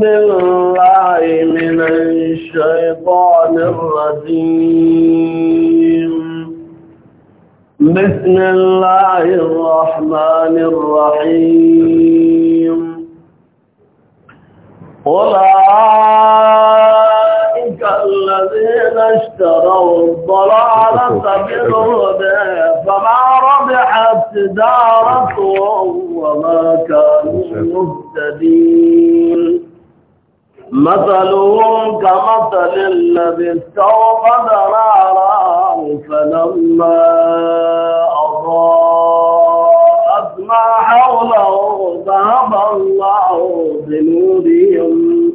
بالله من الشيطان الرجيم بسم الله الرحمن الرحيم أولئك الذين اشتروا الضلالة بالهدى فما ربحت تجارتهم وما كانوا مهتدين مثلهم كمثل الذي استوقد نارا فلما أضاءت ما حوله ذهب الله بنورهم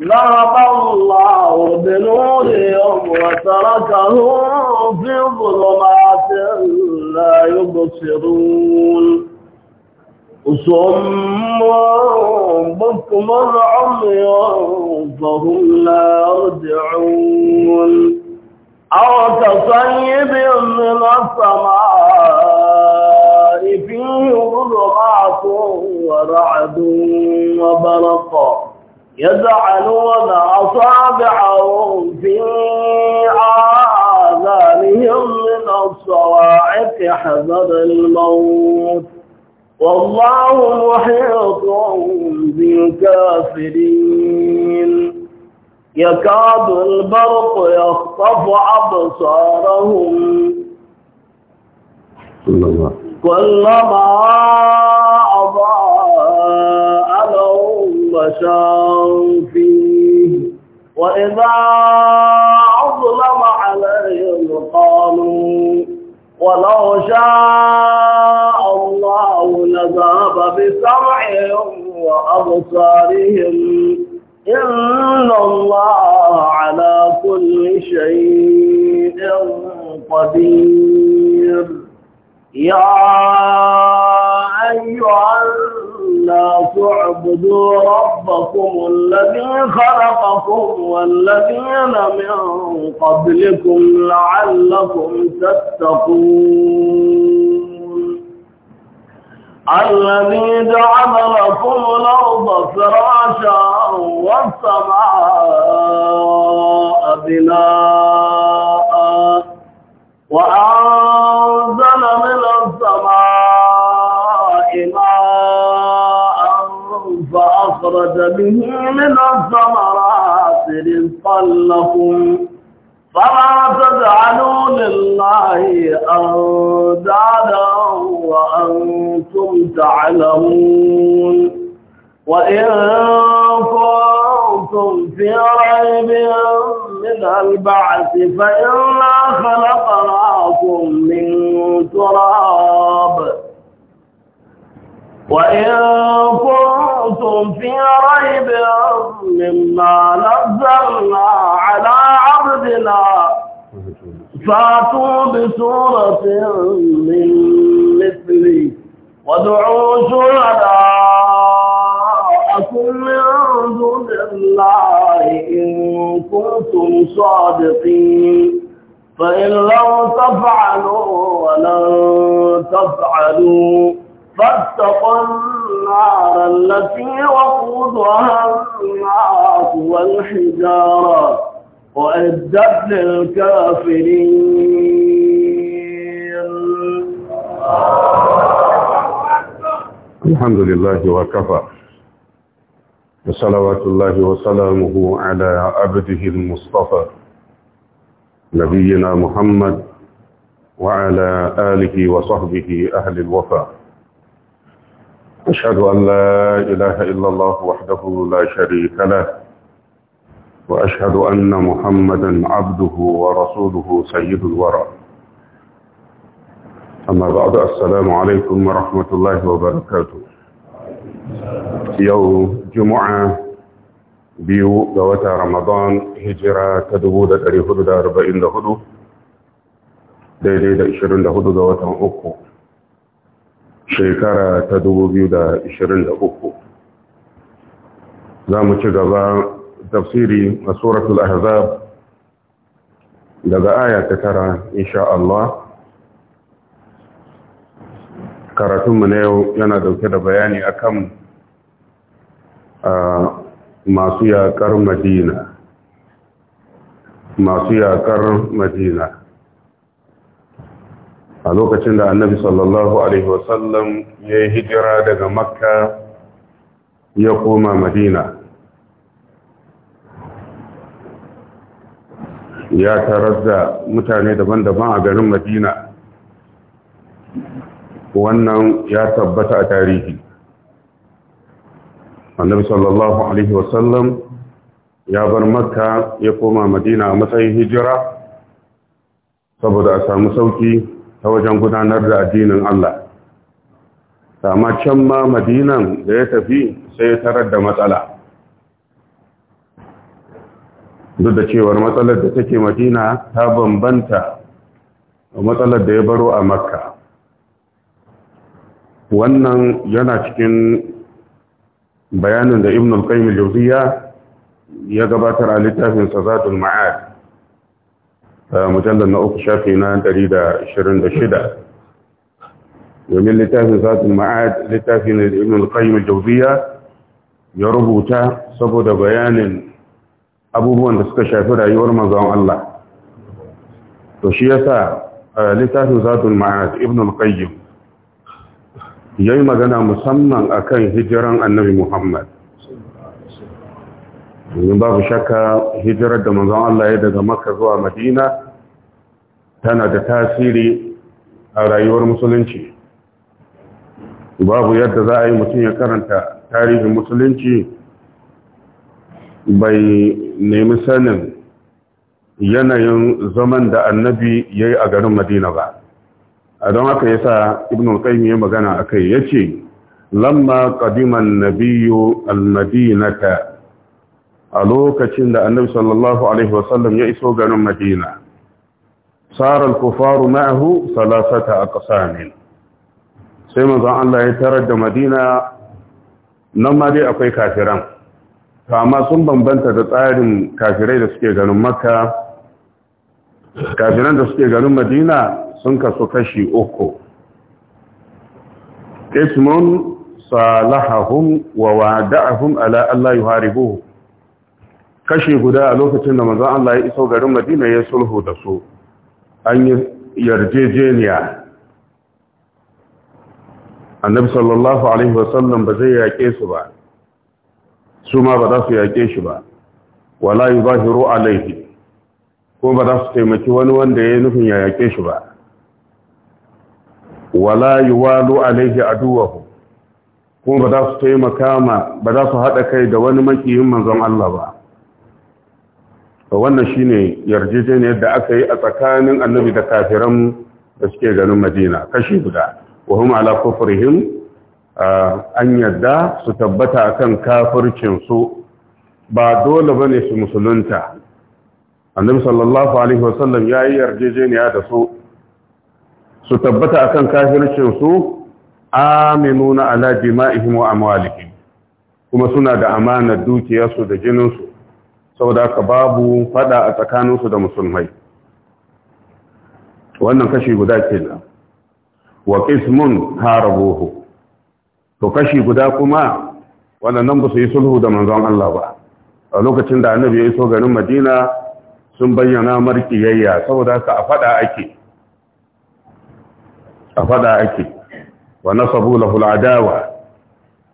ذهب الله بنورهم وتركهم في ظلمات لا يبصرون صم بكم عمي فهم لا يرجعون أو كصيب من السماء فيه رعاة ورعد وبرق يجعلون أصابعهم في آذانهم من الصواعق حذر الموت والله محيط بالكافرين يكاد البرق يخطف أبصارهم كلما أضاء لهم مشاء فيه وإذا أظلم عليهم قالوا ولو شاء العذاب بسمعهم وأبصارهم إن الله على كل شيء قدير يا أيها الناس اعبدوا ربكم الذي خلقكم والذين من قبلكم لعلكم تتقون الذي جعل لكم الأرض فراشا والسماء بناء وأنزل من السماء ماء فأخرج به من الثمرات رزقا لكم فلا تجعلوا لله أندادا وأنتم تعلمون وإن كنتم في ريب من البعث فإنا خلقناكم من تراب وإن كنتم في ريب مما نزلنا على عبدنا فاتوا بسورة من وادعوا شهداءكم من دون الله إن كنتم صادقين فإن لم تفعلوا ولن تفعلوا فاتقوا النار التي وقودها الناس والحجارة وأدت للكافرين الحمد لله وكفى وصلوات الله وسلامه على عبده المصطفى نبينا محمد وعلى آله وصحبه أهل الوفا أشهد أن لا إله إلا الله وحده لا شريك له وأشهد أن محمدا عبده ورسوله سيد الورى أما بعد السلام عليكم ورحمة الله وبركاته yau juma'a biyu ga wata ramadan hijira ta 444 daidai da 24 ga watan uku shekara ta 2023 za mu ci gaba tafsiri a suratul ahzab daga aya ta tara insha Allah karatunmu na yau yana dauke da bayani akan masu yakar madina masu yakar madina a lokacin da annabi sallallahu alaihi wasallam ya yi hijira daga makka ya koma madina ya tarar da mutane daban-daban a garin madina wannan ya tabbata a tarihi annabi sallallahu alaihi wasallam ya bar makka ya koma madina a matsayin hijira saboda a samu sauki ta wajen gudanar da addinin Allah amma can ma madinan da ya tafi sai ya tarar da matsala duk da cewar matsalar da take madina ta bambanta da matsalar da ya baro a makka wannan yana cikin bayanin da ibn al-qayyim al-jawziya ya gabatar a littafin sazatul ma'ad mujallal na uku shafi na 126 domin littafin sazatul ma'ad littafin da ibn al-qayyim al-jawziya ya rubuta saboda bayanin abubuwan da suka shafi rayuwar manzon Allah to shi yasa littafin sazatul ma'ad ibn al-qayyim ya yi magana musamman a kan hijiran annabi Muhammad. Domin babu shakka hijirar da manzon Allah ya daga Makka zuwa Madina tana da tasiri a rayuwar musulunci. Babu yadda za a yi mutum ya karanta tarihin musulunci bai nemi sanin yanayin zaman da annabi ya yi a garin Madina ba. don haka yasa ibnu qayyim ya magana akai yace lamma qadima an-nabiyyu al-madinata a lokacin da annabi sallallahu alaihi wasallam ya iso garin madina sara al-kufaru ma'ahu salasata aqsamin sai manzon Allah ya tarar da madina nan ma dai akwai kafiran to amma sun bambanta da tsarin kafirai da suke garin makka kafiran da suke garin madina sun kasu kashi uku ismun salahahum wa wada'ahum ala Allah yuharibuhu kashi guda a lokacin da manzon Allah ya iso garin Madina ya sulhu da su an yi yarjejeniya annabi sallallahu alaihi wasallam ba zai yake su ba su ma ba za su yake shi ba wala yuzahiru alaihi ko ba za su taimaki wani wanda ya yi nufin ya yake shi ba wala yuwalu alaihi aduwahu kuma ba za su taimaka ma ba za su haɗa kai da wani makiyin manzon Allah ba to wannan shine yarjejeniyar da aka yi a tsakanin annabi da kafiran da suke ganin Madina kashi guda wa hum ala kufrihim an yadda su tabbata kan kafircin su ba dole bane su musulunta annabi sallallahu alaihi wasallam yayi yarjejeniya da su su tabbata akan kafircin su aminuna ala jima'ihim wa amwalihim kuma suna da amanar dukiyarsu da jininsu saboda aka babu fada a tsakaninsu da musulmai wannan kashi guda kenan wa qismun harabuhu to kashi guda kuma wannan ba su yi sulhu da manzon Allah ba a lokacin da annabi ya iso garin Madina sun bayyana markiyayya saboda ka a fada ake a fada ake wa sabu la huladawa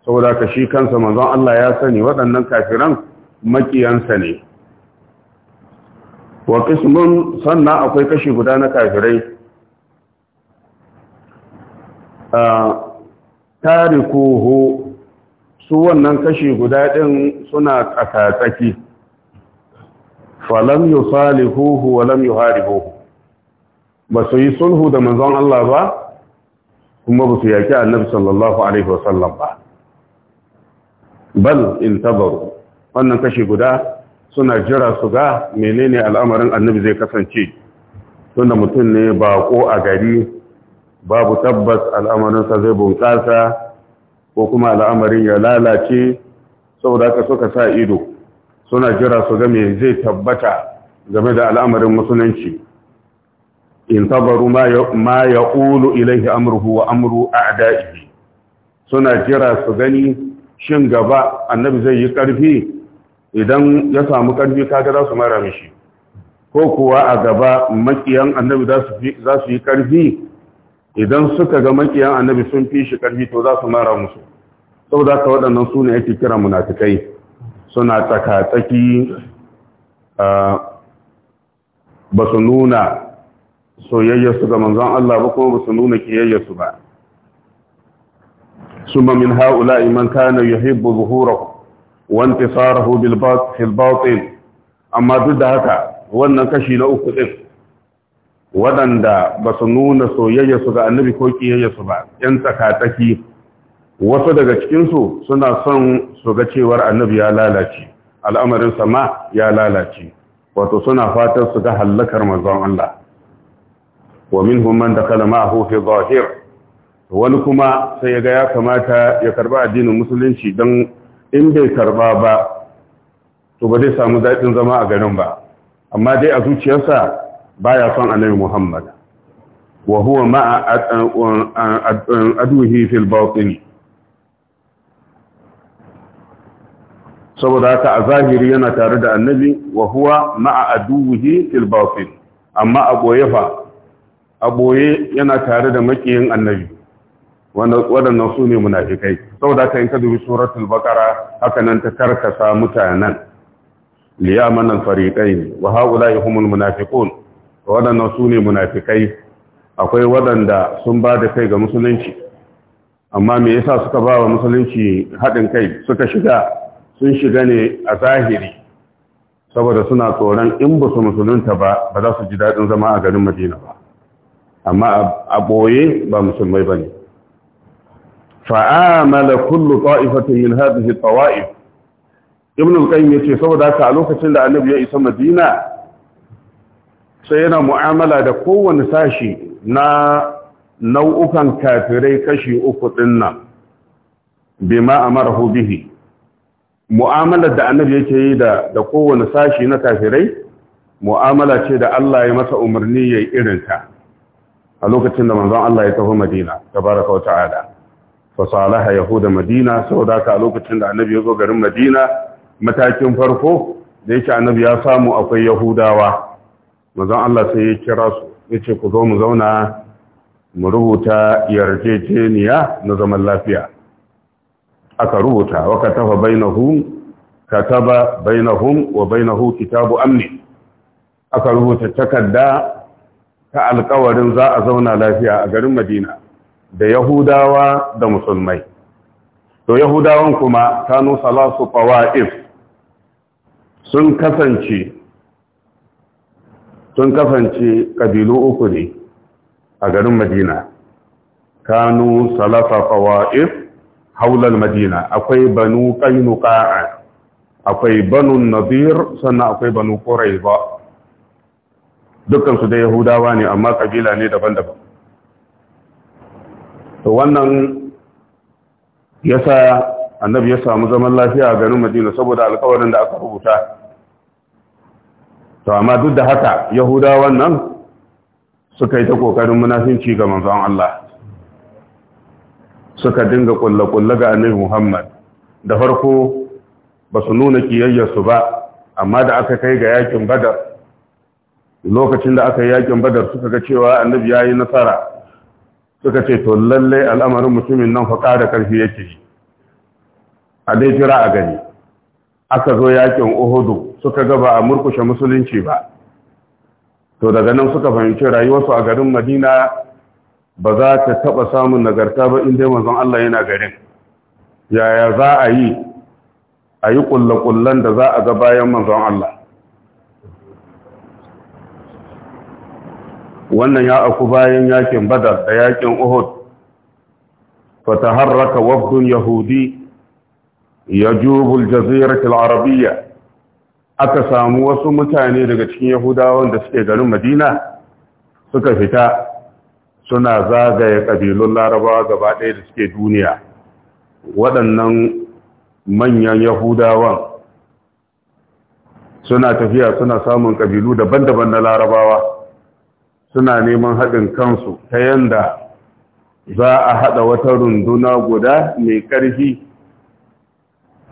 saboda ka shi kansa manzon Allah ya sani waɗannan kafiran makiyansa ne wa kismun sannan akwai kashi guda na kafirai tarikuhu su wannan kashi guda ɗin suna tsakatsaki falam yi salihuhu walam yi harihuhu ba su yi sulhu da manzon Allah ba kuma ba su yaki annabi sallallahu alaihi wasallam ba bal intabaru wannan kashi guda suna jira su ga menene al'amarin annabi zai kasance tunda mutum ne ba ko a gari babu tabbas al'amarinsa zai bunƙasa ko kuma al'amarin ya lalace saboda haka suka sa ido suna jira su ga me zai tabbata game da al'amarin musulunci intabaru ma ya ƙulu ilaihi amurhu wa amuru a da'ihi suna jira su gani shin gaba annabi zai yi ƙarfi idan ya samu ƙarfi kaga za su mara mishi ko kuwa a gaba makiyan annabi za su yi ƙarfi idan suka ga makiyan annabi sun fi shi ƙarfi to za su mara musu saboda ka waɗannan su yake kira munafikai suna tsaka-tsaki ah, ba su nuna soyayyarsu ga manzon Allah ba kuma ba su nuna kiyayyarsu ba summa min haula man kana yuhibbu zuhurahu wa intisarahu bil batil amma duk da haka wannan kashi na uku din waɗanda ba su nuna soyayyarsu ga annabi ko kiyayyarsu ba yan tsakataki wasu daga cikinsu suna son su ga cewar annabi ya lalace al'amarin sama ya lalace wato suna fatan su ga hallakar manzon Allah wa minhum man dakala ma'ahu fi zahir wani kuma sai ya ga ya kamata ya karba addinin musulunci don in bai karba ba to ba zai samu daɗin zama a garin ba amma dai a zuciyarsa baya son annabi Muhammad wa huwa ma'a aduhi fil batin saboda haka a zahiri yana tare da annabi wa huwa ma'a aduhi fil batin amma a boye fa a boye yana tare da makiyin annabi waɗannan su ne munafikai saboda ka yin ka dubi suratul bakara haka nan ta karkasa mutanen liyaman alfariƙai ne wa haula ya humul munafikun waɗannan su ne munafikai akwai waɗanda sun ba da kai ga musulunci amma me yasa suka ba wa musulunci haɗin kai suka shiga sun shiga ne a zahiri saboda suna tsoron in ba su musulunta ba ba za su ji daɗin zama a garin madina ba amma a ɓoye ba musulmai ba ne fa'amala kullu ta'ifatin min shi tawa'if ibn al ya ce saboda haka a lokacin da annabi ya isa madina sai yana mu'amala da kowane sashi na nau'ukan kafirai kashi uku dinnan bima amarahu bihi mu'amalar da annabi yake yi da kowane sashi na kafirai mu'amala ce da Allah ya masa umarni ya yi irinta a lokacin da manzon Allah ya tafi Madina tabaraka wa ta'ala fa salaha yahuda Madina saboda ka a lokacin da annabi ya zo garin Madina matakin farko da yake annabi ya samu akwai Yahudawa manzon Allah sai ya kira su yace ku zo mu zauna mu rubuta yarjejeniya na zaman lafiya aka rubuta wa katafa bainahum kataba bainahum wa bainahu kitabu amni aka rubuta takarda ta alkawarin za a zauna lafiya a garin madina da yahudawa da musulmai to yahudawan kuma kanu salasu fawa'if sun kasance sun kasance kabilu uku ne a garin madina kanu salasa fawa'if haular madina akwai banu kainu akwai banu nadir sannan akwai banu ba. dukansu da yahudawa ne amma kabila ne daban-daban to wannan yasa annabi ya samu zaman lafiya a garin madina saboda alkawarin da aka rubuta to amma duk da haka yahudawan nan suka yi ta kokarin munafinci ga manzon Allah suka dinga kulle-kulle ga annabi Muhammad da farko ba su nuna kiyayyarsu ba amma da aka kai ga yakin badar lokacin da aka yi yakin badar suka ga cewa annabi ya yi nasara suka ce to lallai al'amarin mutumin nan faƙa da ƙarfi yake yi a dai jira a gani aka zo yakin uhudu suka ga ba a murkushe musulunci ba to daga nan suka fahimci rayuwarsu a garin madina ba za ta taɓa samun nagarta ba inda manzon Allah yana garin yaya za a yi a yi ƙulle da za a ga bayan manzon Allah wannan ya aku bayan yakin badar da yakin uhud fataharraka وفد yahudi yajubul الجزيرة arabiyya aka samu wasu mutane daga cikin yahudawan da suke garin madina suka fita suna zagaye ƙabilun larabawa gaba ɗaya da suke duniya waɗannan manyan yahudawan suna tafiya suna samun ƙabilu daban-daban na larabawa suna neman haɗin kansu ta yanda za a haɗa wata runduna guda mai ƙarfi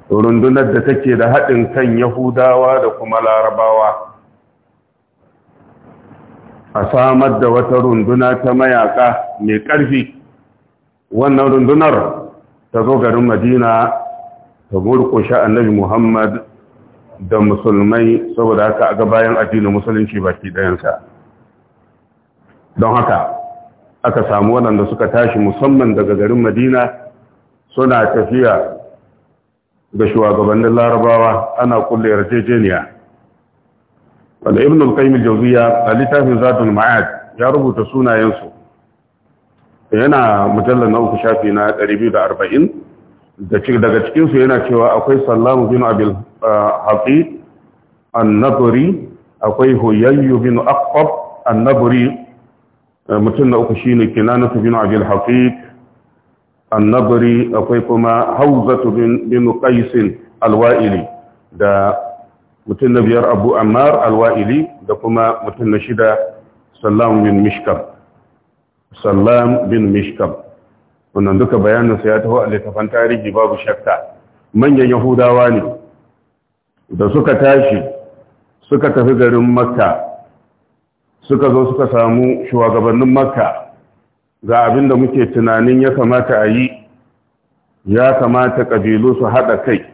rundunar da take da haɗin kan yahudawa da kuma larabawa a samar da wata runduna ta mayaka mai ƙarfi wannan rundunar ta zo garin madina ta murkushe annabi muhammad da musulmai saboda haka a bayan addinin musulunci baki ɗayansa don haka aka samu waɗanda suka tashi musamman daga garin madina suna tafiya ga shugabannin larabawa ana kulle yarjejeniya wanda ibn al qaymi al-jawziya a littafin zatul ma'ad ya rubuta sunayensu yana mujallar na uku shafi na 240 daga cikinsu yana cewa akwai sallamu bin abil ah, haƙi naburi akwai huyayyu bin akwab naburi mutum na uku shine kinanatu bin abil hafiq annabari akwai kuma hauzatu bin qais alwa'ili da mutum na biyar abu ammar alwa'ili da kuma mutum na shida sallam bin mishkam sallam bin mishkam wannan duka bayaninsa ya taho a littafan tarihi babu shakka manyan yahudawa ne da suka tashi suka tafi garin makka suka zo suka samu shugabannin makka ga abin da muke tunanin ya kamata a yi ya kamata ƙabilu su haɗa kai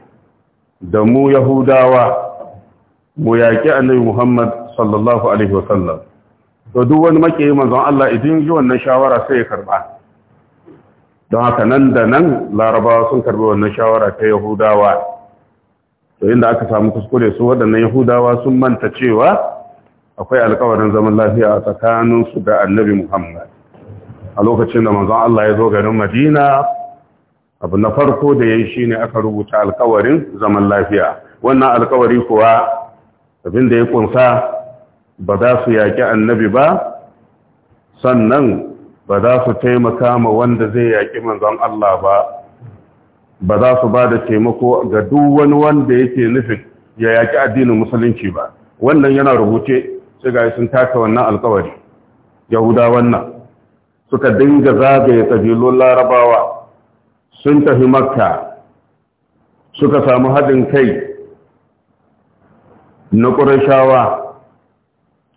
da mu yahudawa mu yaƙi annabi muhammad sallallahu alaihi wasallam da duk wani makiyi manzon Allah idan ji wannan shawara sai ya karba don haka nan da nan larabawa sun karbi wannan shawara ta yahudawa to inda aka samu kuskure su waɗannan yahudawa sun manta cewa akwai alkawarin zaman lafiya a tsakaninsu da annabi Muhammad a lokacin da manzon Allah ya zo garin Madina abu na farko da ya yi shi ne aka rubuta alkawarin zaman lafiya wannan alkawari kuwa abinda ya kunsa ba za su yaƙi annabi ba sannan ba za su taimaka ma wanda zai yaƙi manzon Allah ba ba za su ba da taimako ga duk wani wanda yake nufin ya yaƙi addinin musulunci ba wannan yana rubuce sai ga sun taka wannan alkawari yahuda wannan suka dinga zagaye ƙabilun larabawa sun tafi makka suka samu haɗin kai na ƙurashawa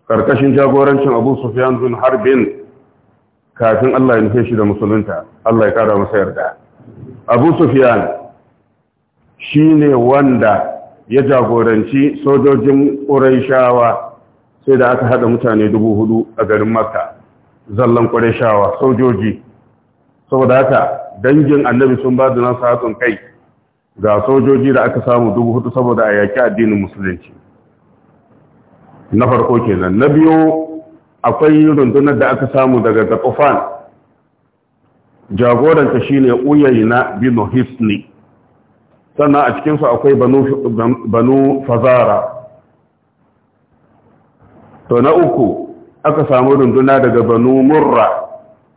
ƙarƙashin jagorancin abu Sufiyan zun harbin kafin allah ya nufe shi da musulunta allah ya ƙara masa yarda abu Sufiyan shi ne wanda ya jagoranci sojojin ƙurashawa sai da aka haɗa mutane dubu hudu a garin makka zallan shawa, sojoji saboda haka dangin annabi sun ba da nasu hatsun kai ga sojoji da aka samu dubu hudu saboda a yaƙi addinin musulunci na farko kenan na biyu akwai rundunar da aka samu daga gafafan jagoranta shine na binu hisni sannan a cikinsu akwai banu fazara to na uku aka samu runduna daga banu murra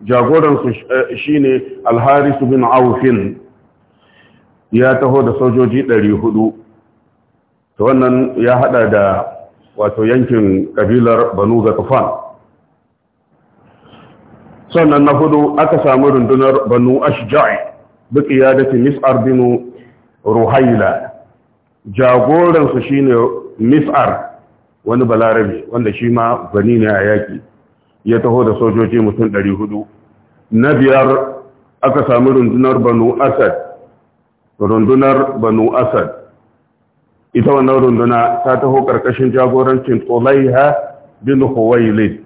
jagoransu eh, shine alharisu bin aufin ya taho da sojoji 400 to wannan ya hada da wato yankin kabilar banu zakafan sannan na hudu aka samu rundunar banu ashja'i duk iyadatin mis'ar binu ruhaila jagoransu shine mis'ar wani balarabe wanda shi ma bani ne a yaki, ya taho da sojoji mutum 400 na biyar aka sami rundunar banu asad rundunar banu asad ita wannan runduna ta taho ƙarƙashin jagorancin tsolaiha bin huwailid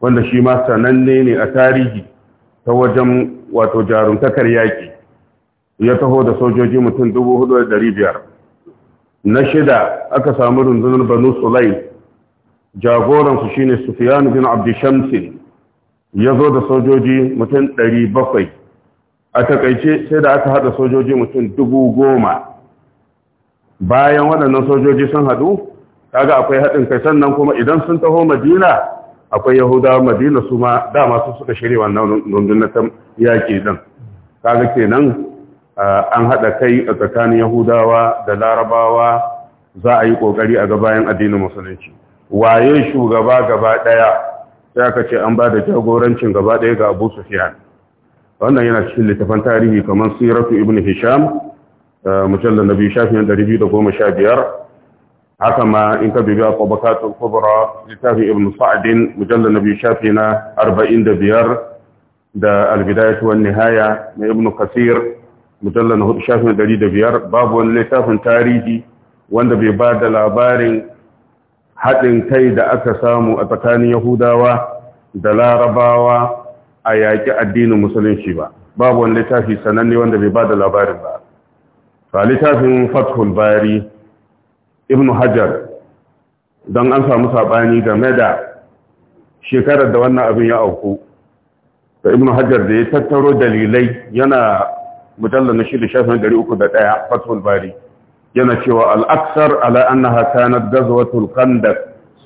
wanda shi ma sananne ne a tarihi ta wajen wato jarumtakar yaƙi ya taho da sojoji mutum 4,500 na shida aka samu rundunar banu sulaim jagoransu shine sufyan bin abd shamsi ya zo da sojoji mutum 700 a takaice sai da aka hada sojoji mutum 10,000 bayan waɗannan sojoji sun haɗu, kaga akwai haɗin kai sannan kuma idan sun taho madina akwai yahudawa madina su ma dama su suka shirya wannan rundunar yaƙi ɗin kaga kenan an haɗa kai a tsakanin yahudawa da larabawa za a yi ƙoƙari a gabayan addinin musulunci waye shugaba gaba ɗaya sai aka ce an bada jagorancin gaba ɗaya ga abu sufiyan wannan yana cikin littafan tarihi kamar siratu ibn hisham eh, mujallar na biyu shafin ɗari biyu da goma sha biyar haka ma in ka bibiya kwabakatul kubra littafin ibn sa'adin mujallar na biyu shafi na arba'in da biyar da albidayatu wani nihaya na ibn kasir mujallar na hudu shafin dari da biyar babu wani littafin tarihi wanda bai ba da labarin haɗin kai da aka samu a tsakanin yahudawa da larabawa a yaƙi addinin musulunci ba babu wani littafi sananne wanda bai ba da labarin ba fa littafin fathul bari ibnu hajar don an samu saɓani game da shekarar da wannan abin ya auku da ibnu hajar da ya tattaro dalilai yana mujalla na da shafin dari uku da ɗaya fatul bari yana cewa al'aksar ala annaha kanat gazwatul khandaq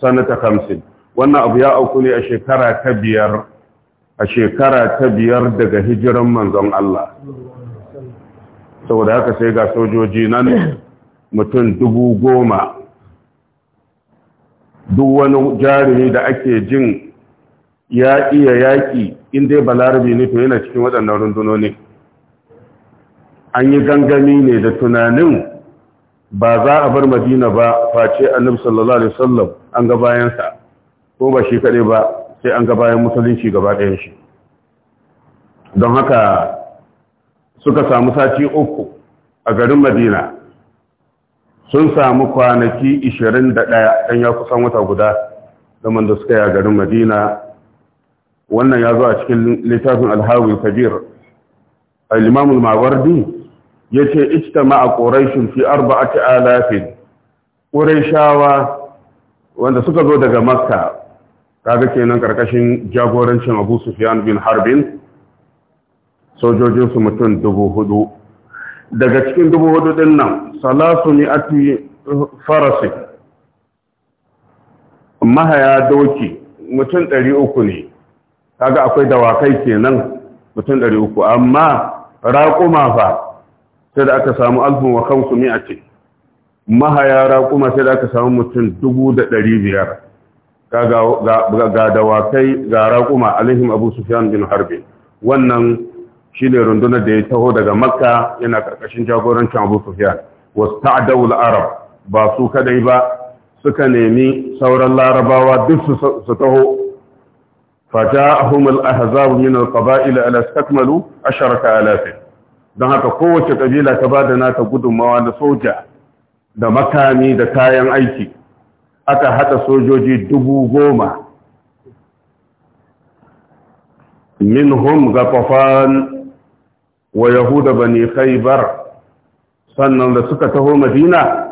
sanata 50 wannan abu ya auku ne a shekara ta biyar a shekara ta biyar daga hijiran manzon Allah saboda haka sai ga sojoji nan mutum dubu goma duk wani jarumi da ake jin ya iya yaƙi inda balarabi ne to yana cikin waɗannan rundunonin an yi gangami ne da tunanin ba za a bar madina ba face annabi sallallahu alaihi wasallam an ga bayansa ko ba shi kaɗai ba sai an ga bayan musulunci gaba ɗayan shi don haka suka samu sati uku a garin madina sun samu kwanaki 21 ɗan ya kusan wata guda zaman da suka yi a garin madina wannan ya zo a cikin littafin alhawin kabir al-imamul mawardi ya ce ma a ƙorashin fi arba'ati alafin shawa wanda suka zo daga makka kaga kenan karkashin jagorancin abu sufyan bin harbin sojojinsu mutum dubu hudu daga cikin dubu hudu din nan salasu ne ati Amma mahaya doki mutum ɗari uku ne kaga akwai dawakai kenan mutum ɗari uku amma raƙuma fa sai da aka samu alfin wa kansu ce. mahaya kuma sai da aka samu mutum dubu da ɗari biyar ga dawakai ga raƙuma alihim abu sufyan bin harbi wannan shi ne rundunar da ya taho daga makka yana ƙarƙashin jagorancin abu sufyan wasu ta'adawul arab ba su kadai ba suka nemi sauran larabawa duk su taho فجاءهم الأحزاب من القبائل ألا استكملوا عشرة آلاف don haka kowace kabila ta ba da nata gudunmawa da soja da makami da kayan aiki aka haɗa sojoji dubu goma minhum gafafan wa yahuda bani khaybar sannan da suka taho madina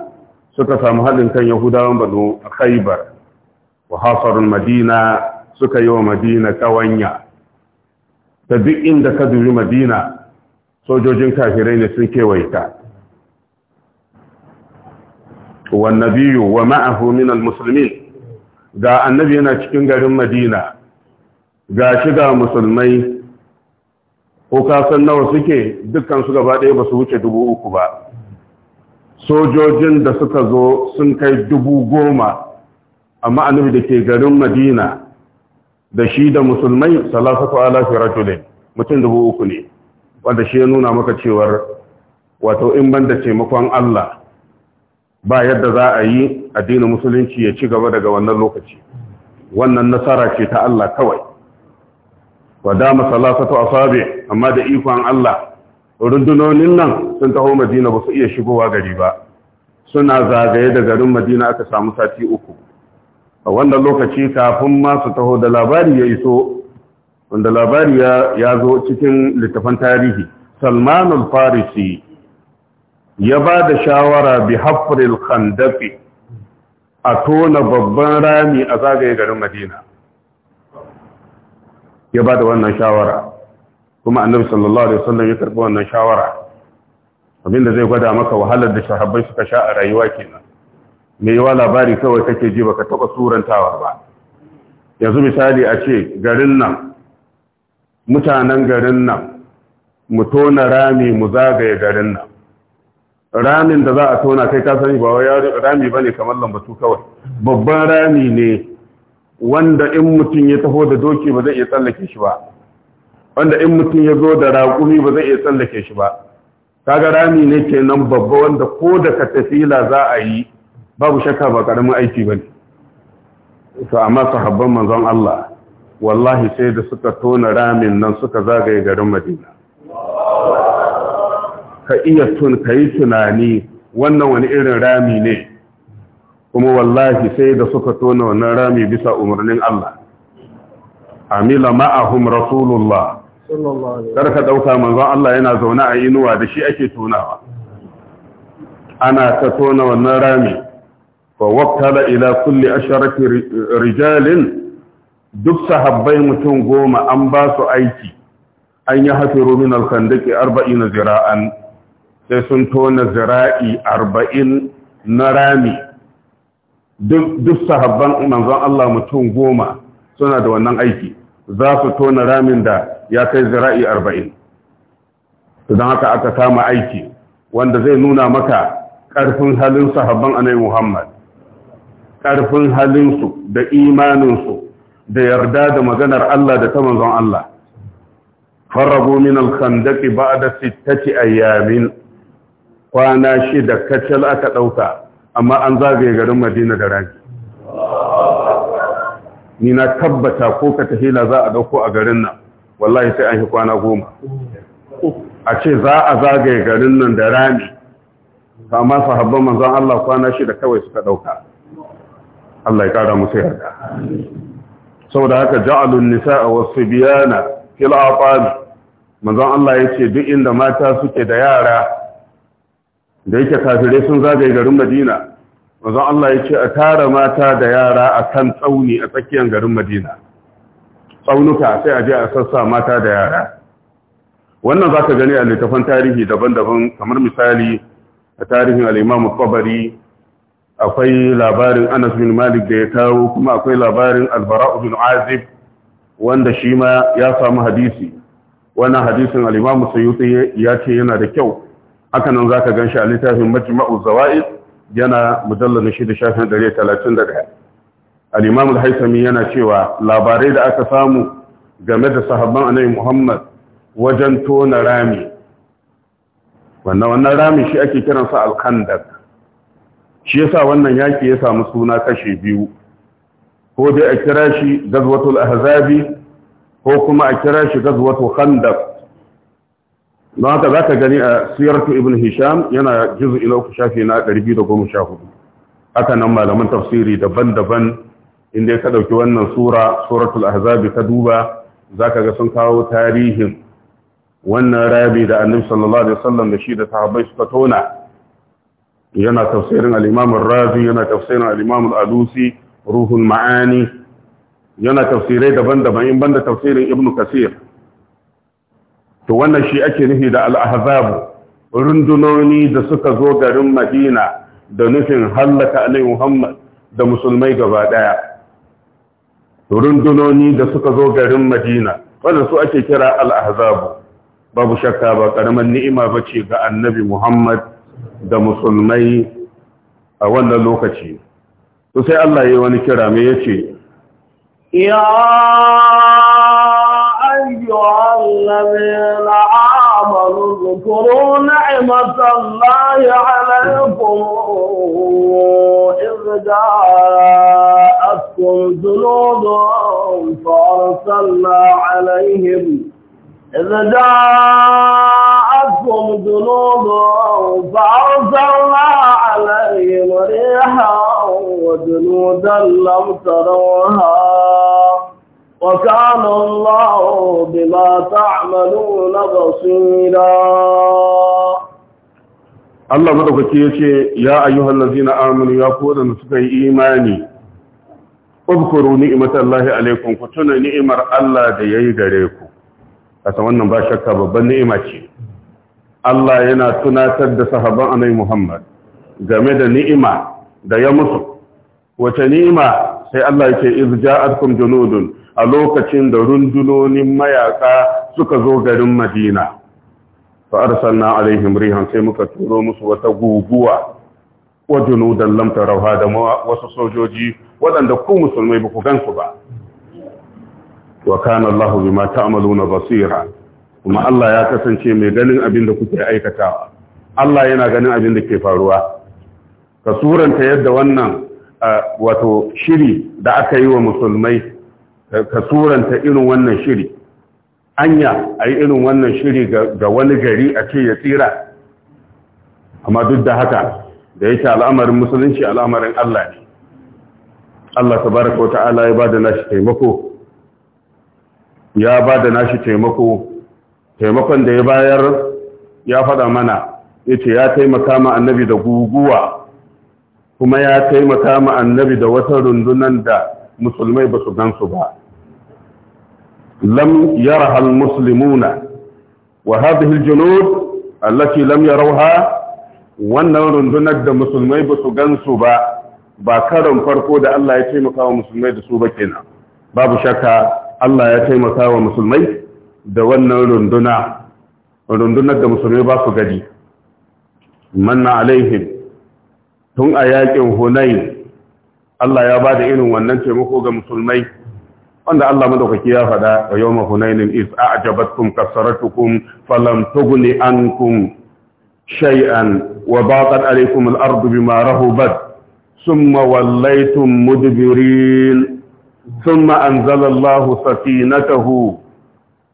suka samu haɗin kan yahudawan banu khaybar wa hasarun madina suka yi wa madina ƙawanya. ta duk inda ka dubi madina sojojin kafirai ne sun kewaye ta wa nabiyu wa ma'ahu min almuslimin ga annabi yana cikin garin madina ga shiga musulmai ko kasan nawa suke dukkan su gaba ɗaya ba su wuce dubu uku ba sojojin da suka zo sun kai dubu goma amma annabi da ke garin madina da shi da musulmai salasatu ala fi rajulin mutum dubu uku ne wanda shi ya nuna maka cewar wato in banda taimakon Allah ba yadda za a yi addinin musulunci ya ci gaba daga wannan lokaci wannan nasara ce ta Allah kawai wa dama salasatu asabi amma da ikon Allah rundunonin nan sun taho Madina ba su iya shigowa gari ba suna zagaye da garin Madina aka samu sati uku a wannan lokaci kafin ma su taho da labari ya iso wanda labari ya zo cikin littafan tarihi salman al-farisi ya ba da shawara bi hafril khandafi a tona babban rami a zagaye garin madina ya ba da wannan shawara kuma annabi sallallahu alaihi wasallam ya karbi wannan shawara abinda zai gwada maka wahalar da sahabbai suka sha a rayuwa kenan me yawa labari kawai kake ji baka taba surantawa ba yanzu misali a ce garin nan mutanen garin nan mu tona rami mu zagaye garin nan ramin da za a tona kai ka sani ba wai rami bane kamar lambatu kawai babban rami ne wanda in mutum ya taho da doki ba zai iya tsallake shi ba wanda in mutum ya zo da raƙumi ba zai iya tsallake shi ba kaga rami ne kenan babba wanda ko da katafila za a yi babu shakka ba karamin aiki bane to amma sahabban manzon Allah wallahi sai da suka tona ramin nan suka zagaye garin madina ka iya tun ka yi tunani wannan wani irin rami ne kuma wallahi sai da suka tona wannan rami bisa umarnin Allah amila ma'ahum rasulullah kar ka dauka manzon Allah yana zaune a inuwa da shi ake tonawa ana ta tona wannan rami fa waqtala ila kulli asharati rijalin duk sahabbai mutum goma an ba su aiki an yi hafi min alkandaki arba'in zira'an sai sun tona zira'i arba'in na rami duk sahabban manzon Allah mutum goma suna da wannan aiki za su tona ramin da ya kai zira'i arba'in don haka aka kama aiki wanda zai nuna maka ƙarfin halin sahabban anai muhammad ƙarfin halinsu da imaninsu da yarda da maganar Allah da ta manzon Allah farabu min al-khandaqi ba'da sittati ayamin kwana shida kacal aka dauka amma an zagaye garin Madina da rani ni na tabbata ko ka tahila za a dauko a garin nan wallahi sai an yi kwana goma a ce za a zagaye garin nan da rani amma sahabban manzon Allah kwana shida kawai suka dauka Allah ya kara musu yarda saboda haka ja'alun nisa'a wasu biyana fil aqami manzon Allah yace duk inda mata suke da yara da yake kafirai sun zagaye garin Madina manzon Allah yace a tara mata da yara akan tsauni a tsakiyar garin Madina tsaunuka sai a je a sassa mata da yara wannan zaka gani a littafin tarihi daban-daban kamar misali a tarihin al-Imam Tabari akwai labarin Anas bin Malik da ya kawo kuma akwai labarin Albara'u bin Azib wanda shi ma ya samu hadisi wannan hadisin al-Imam Suyuti ya ce yana da kyau haka nan zaka ganshi a littafin Majma'u Zawaid yana mujallal na 6 shafin 131 al-Imam al-Haythami yana cewa labarai da aka samu game da sahabban Annabi Muhammad wajen tona rami wannan wannan rami shi ake kiransa al-Khandaq shi yasa wannan yaki ya samu suna kashe biyu ko dai a kira shi gazwatul ahzabi ko kuma a kira shi gazwatul khandaq don haka zaka gani a siyartu ibn hisham yana juzu na uku shafi na 214 haka nan malaman tafsiri daban-daban inda ya dauki wannan sura suratul ahzabi ka duba zaka ga sun kawo tarihin wannan rabi da annabi sallallahu alaihi wasallam da shi da sahabbai suka tona yana tafsirin al razi yana tafsirin al alusi ruhun ma'ani yana tafsirai daban-daban in banda tafsirin Ibn kasir to wannan shi ake nufi da al-ahzab rundunoni da suka zo garin madina da nufin hallaka alai muhammad da musulmai gaba daya rundunoni da suka zo garin madina wanda su ake kira al babu shakka ba ƙaramin ni'ima ba ce ga annabi muhammad da musulmai a wannan lokaci to sai Allah ya yi wani kira me yace ya ayyuhallazina amanu zkuru ni'matallahi alaykum idh ja'atkum junudun fa arsalna alayhim idh ja'atkum منهم جنود فأرسلنا عليهم ريحا وجنودا لم تروها وكان الله بما تعملون بصيرا Allah madaukaki ya ce, Ya ayyuhan lazina amini ya kodana suka yi imani, ƙubkuru ni'imatallahi alaikum ku tuna ni'imar Allah da ya yi gare ku, kasa wannan ba shakka babban ni'ima ce. Allah yana tunatar da sahaban anai Muhammad game da ni'ima da ya musu wace ni'ima sai Allah yake izja'atkum junudun a lokacin da rundunonin mayaka suka zo garin Madina fa sannan alaihim rihan sai muka turo musu wata guguwa wa junudan lamta tarawha da wasu sojoji waɗanda ku musulmai ba ku gansu ba wa kana Allah bima na basira kuma Allah ya kasance mai ganin abin da kuke aikatawa Allah yana ganin abin da ke faruwa ka suranta yadda wannan wato shiri da aka yi wa musulmai ka suranta irin wannan shiri anya a yi irin wannan shiri ga wani gari a ce ya tsira amma duk da haka da yake al'amarin musulunci al'amarin Allah ne Allah tabaraka wa ta'ala ya bada nashi taimako ya bada nashi taimako taimakon da ya bayar ya faɗa mana ya ce ya taimaka ma annabi da guguwa kuma ya taimaka ma annabi da wata rundunan da musulmai ba su gansu ba lam yara muslimuna wa hadhihi al allati lam yarawha wannan rundunar da musulmai ba su gansu ba ba karon farko da Allah ya taimaka wa musulmai da su ba kenan babu shakka Allah ya taimaka wa musulmai da wannan runduna rundunar da musulmi ba su gadi manna alaihim tun a yakin hunain Allah ya ba da irin wannan taimako ga musulmai wanda Allah madaukaki ya faɗa wa yawma hunainin is a'jabatkum kasaratukum falam tughni ankum shay'an wa baqat alaykum al-ardu bima rahubat thumma wallaytum mudbirin thumma anzala Allahu sakinatahu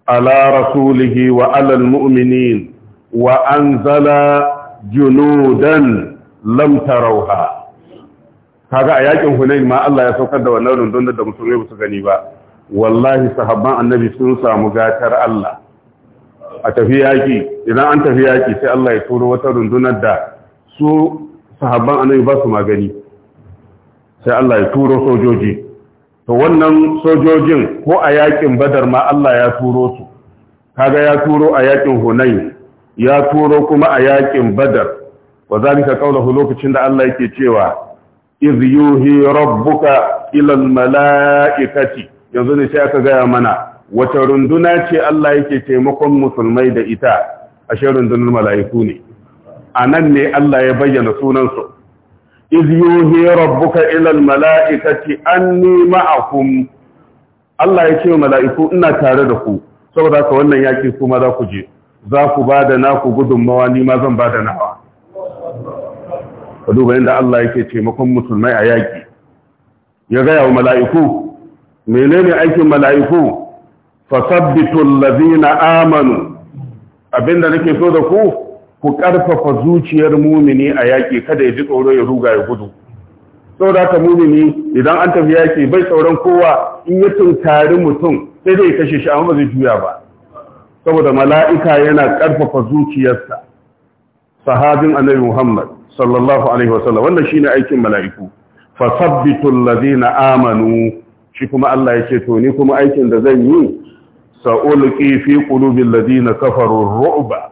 على رسوله وعلى المؤمنين وأنزل جنودا لم تروها kaga a yakin Hunain ma Allah ya saukar da wannan rundunar da musulmai ba su gani ba wallahi sahabban annabi sun samu gatar Allah a tafi yaki idan an tafi yaki sai Allah ya turo wata rundunar da su sahabban annabi ba su magani sai Allah ya turo sojoji to wannan sojojin ko a yakin badar ma Allah ya turo su kaga ya turo a yakin hunai ya turo kuma a yakin badar wa zalika qawluhu lokacin da Allah yake cewa iz yuhi rabbuka ila al malaikati yanzu ne sai aka gaya mana wata runduna ce Allah yake taimakon musulmai da ita ashe rundunar mala'iku ne anan ne Allah ya bayyana sunan sunansu iz yuhi rabbuka ila almala'ikati anni ma'akum Allah ya ce wa mala'iku ina tare da ku saboda haka wannan yaki kuma za ku je za ku bada naku gudunmawa ni ma zan bada nawa ka duba inda Allah yake taimakon musulmai a yaki ya gaya wa mala'iku menene aikin mala'iku fasabbitul ladina amanu abinda nake so da ku ku ƙarfafa zuciyar mumini a yaƙi kada ya ji tsoro ya ruga ya gudu da ka mumini idan an tafi yaƙi bai tsoron kowa in ya tunkari mutum sai dai kashe shi amma zai juya ba saboda mala'ika yana ƙarfafa zuciyarsa sahabin annabi Muhammad sallallahu alaihi wasallam wannan shine aikin mala'iku fasabbitul ladina amanu shi kuma Allah yake to ni kuma aikin da zan yi sa'ulqi fi qulubil ladina kafaru ru'ba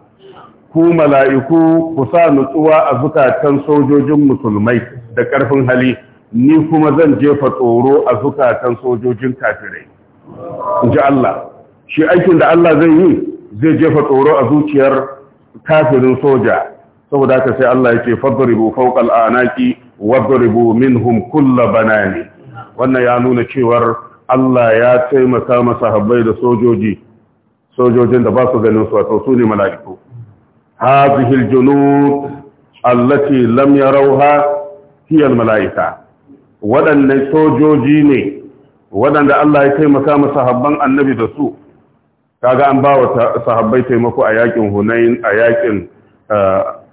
ku mala'iku ku sa nutsuwa a zukatan sojojin musulmai da ƙarfin hali ni kuma zan jefa tsoro a zukatan sojojin kafirai in ji Allah shi aikin da Allah zai yi zai jefa tsoro a zuciyar kafirin soja saboda haka sai Allah yake fadribu fawqal anaki wadribu minhum kull banani wannan ya nuna cewar Allah ya taimaka masa habbai da sojoji sojojin da ba su ganin su wato su ne mala'iku هذه الجنود التي لم يروها هي Allah ya سوجوجيني ودن الله يتيمكا مصحبا النبي دسو kaga an ba wa sahabbai taimako a yakin hunain a yakin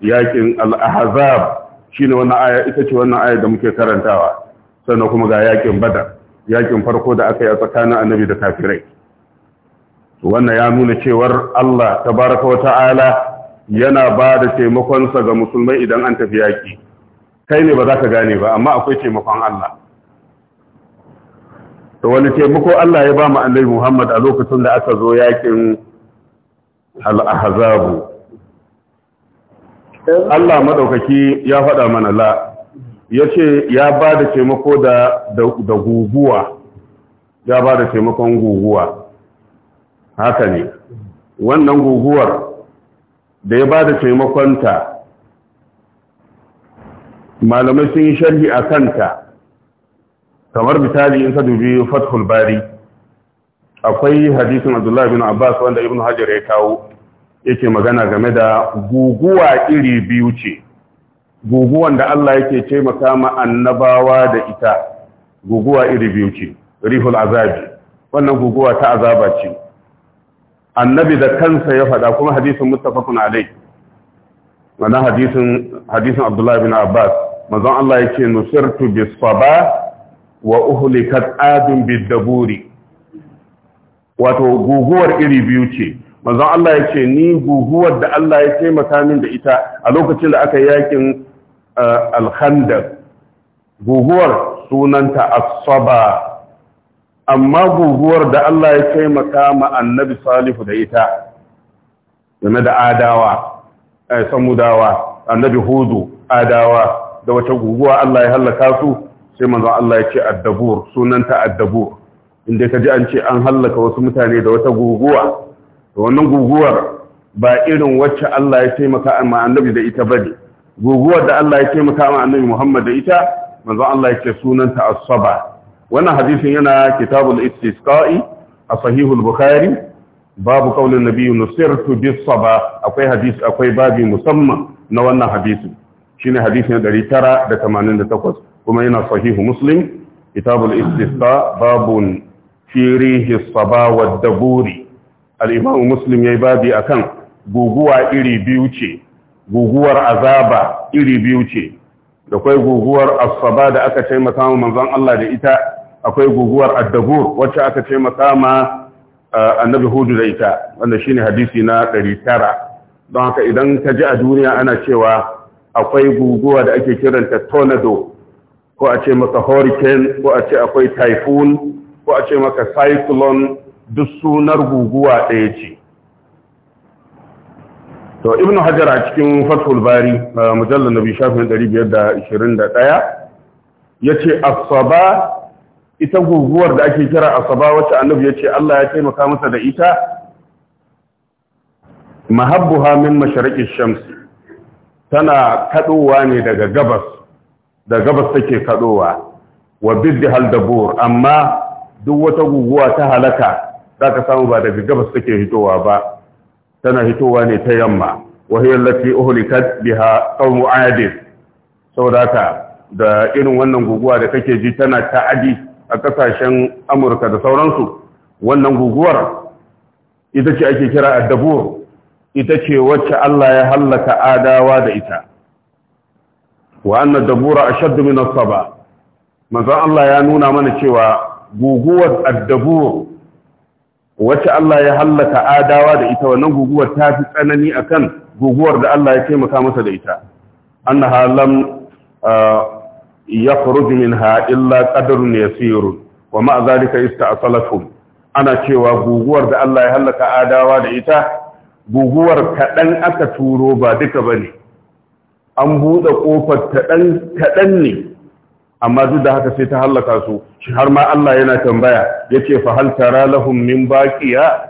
yakin al-ahzab shine wannan aya ita ce wannan aya da muke karantawa sannan kuma ga yakin bada, yaƙin farko da aka yi a tsakanin annabi da kafirai wannan ya nuna cewar Allah tabaraka wa ta'ala yana ba da taimakonsa ga musulmai idan an tafi yaƙi kai ne ba za ka gane ba amma akwai taimakon Allah to wani taimako Allah ya ba mu annabi Muhammad a lokacin da aka zo yaƙin al-ahzabu Allah madaukaki ya faɗa mana la yace ya ba da taimako da da guguwa ya ba da taimakon guguwa haka ne wannan guguwar da ya ba da taimakonta malamai sun yi sharhi a kanta kamar misali in ka dubi fathul bari akwai hadisin abdullahi bin abbas wanda ibn hajar ya kawo yake magana game da guguwa iri biyu ce guguwan da Allah yake taimaka ma annabawa da ita guguwa iri biyu ce rihul azabi wannan guguwa ta azaba ce annabi da kansa ya faɗa kuma hadisin muttafaqun alai wannan hadisin hadisin Abdullah ibn Abbas manzon Allah yake nusirtu bis saba wa uhlikat adun bid daburi wato guguwar iri biyu ce manzon Allah yake ni guguwar da Allah ya taimaka min da ita a lokacin da aka yakin eh, al-khandaq guguwar sunanta as-saba amma guguwar da Allah ya taimaka ma annabi salihu da ita game da adawa ai eh, samudawa annabi hudu adawa da wata guguwa Allah ya halaka su sai manzon Allah ya ce addabur sunanta addabur inda ka ji an ce an halaka wasu mutane da wata guguwa to wannan guguwar ba irin wacce Allah ya taimaka ma annabi da ita bane guguwar da Allah ya taimaka ma annabi Muhammad da ita manzon Allah ya ce sunanta as-saba wannan hadisin yana kitabul istisqa'i a sahihul bukhari babu qaulin nabiyyu nusirtu bis saba akwai hadisi akwai babi musamman na wannan hadisi shine hadisi na 988 kuma yana sahihu muslim kitabul istisqa babun fi saba wad daburi al-imam muslim yayi babi akan guguwa iri biyu ce guguwar azaba iri biyu ce da kai guguwar asfaba da aka taimaka wa manzon Allah da ita akwai guguwar addabur wacce aka ce makama annabi hudu da ita wanda shine hadisi na 900 don haka idan ka ji a duniya ana cewa akwai guguwa da ake kiranta tornado ko a ce maka hurricane ko a ce akwai typhoon ko a ce maka cyclone duk sunar guguwa ɗaya ce to ibnu hajar a cikin fathul bari mujallar nabi shafin 521 ya ce asaba ita guguwar da ake kira asaba wacce annabi ya ce Allah ya taimaka masa da ita mahabbuha min mashariqi shams tana kadowa ne daga gabas da gabas take kadowa wa bidhal dabur amma duk wata guguwa ta halaka zaka samu ba daga gabas take hitowa ba tana hitowa ne ta yamma wa hiya allati uhlikat biha qawmu adid saboda da irin wannan guguwa da kake ji tana ta'adi a ƙasashen amurka da sauransu wannan guguwar ita ce ake kira addabur ita ce wacce Allah ya hallaka adawa da ita wa dabura ashaddu min as-saba manzo Allah ya nuna mana cewa guguwar addabur wacce Allah ya hallaka adawa da ita wannan guguwar ta fi tsanani akan guguwar da Allah ya taimaka masa da ita annaha lam yakhruju minha illa qadarun yasir wa ma zalika ista'salatuhum ana cewa guguwar da Allah ya halaka adawa da ita guguwar kaɗan aka turo ba duka bane an buɗe kofar kaɗan ne amma duk da haka sai ta hallaka su shi har ma Allah yana tambaya yace fa hal tara lahum min baqiya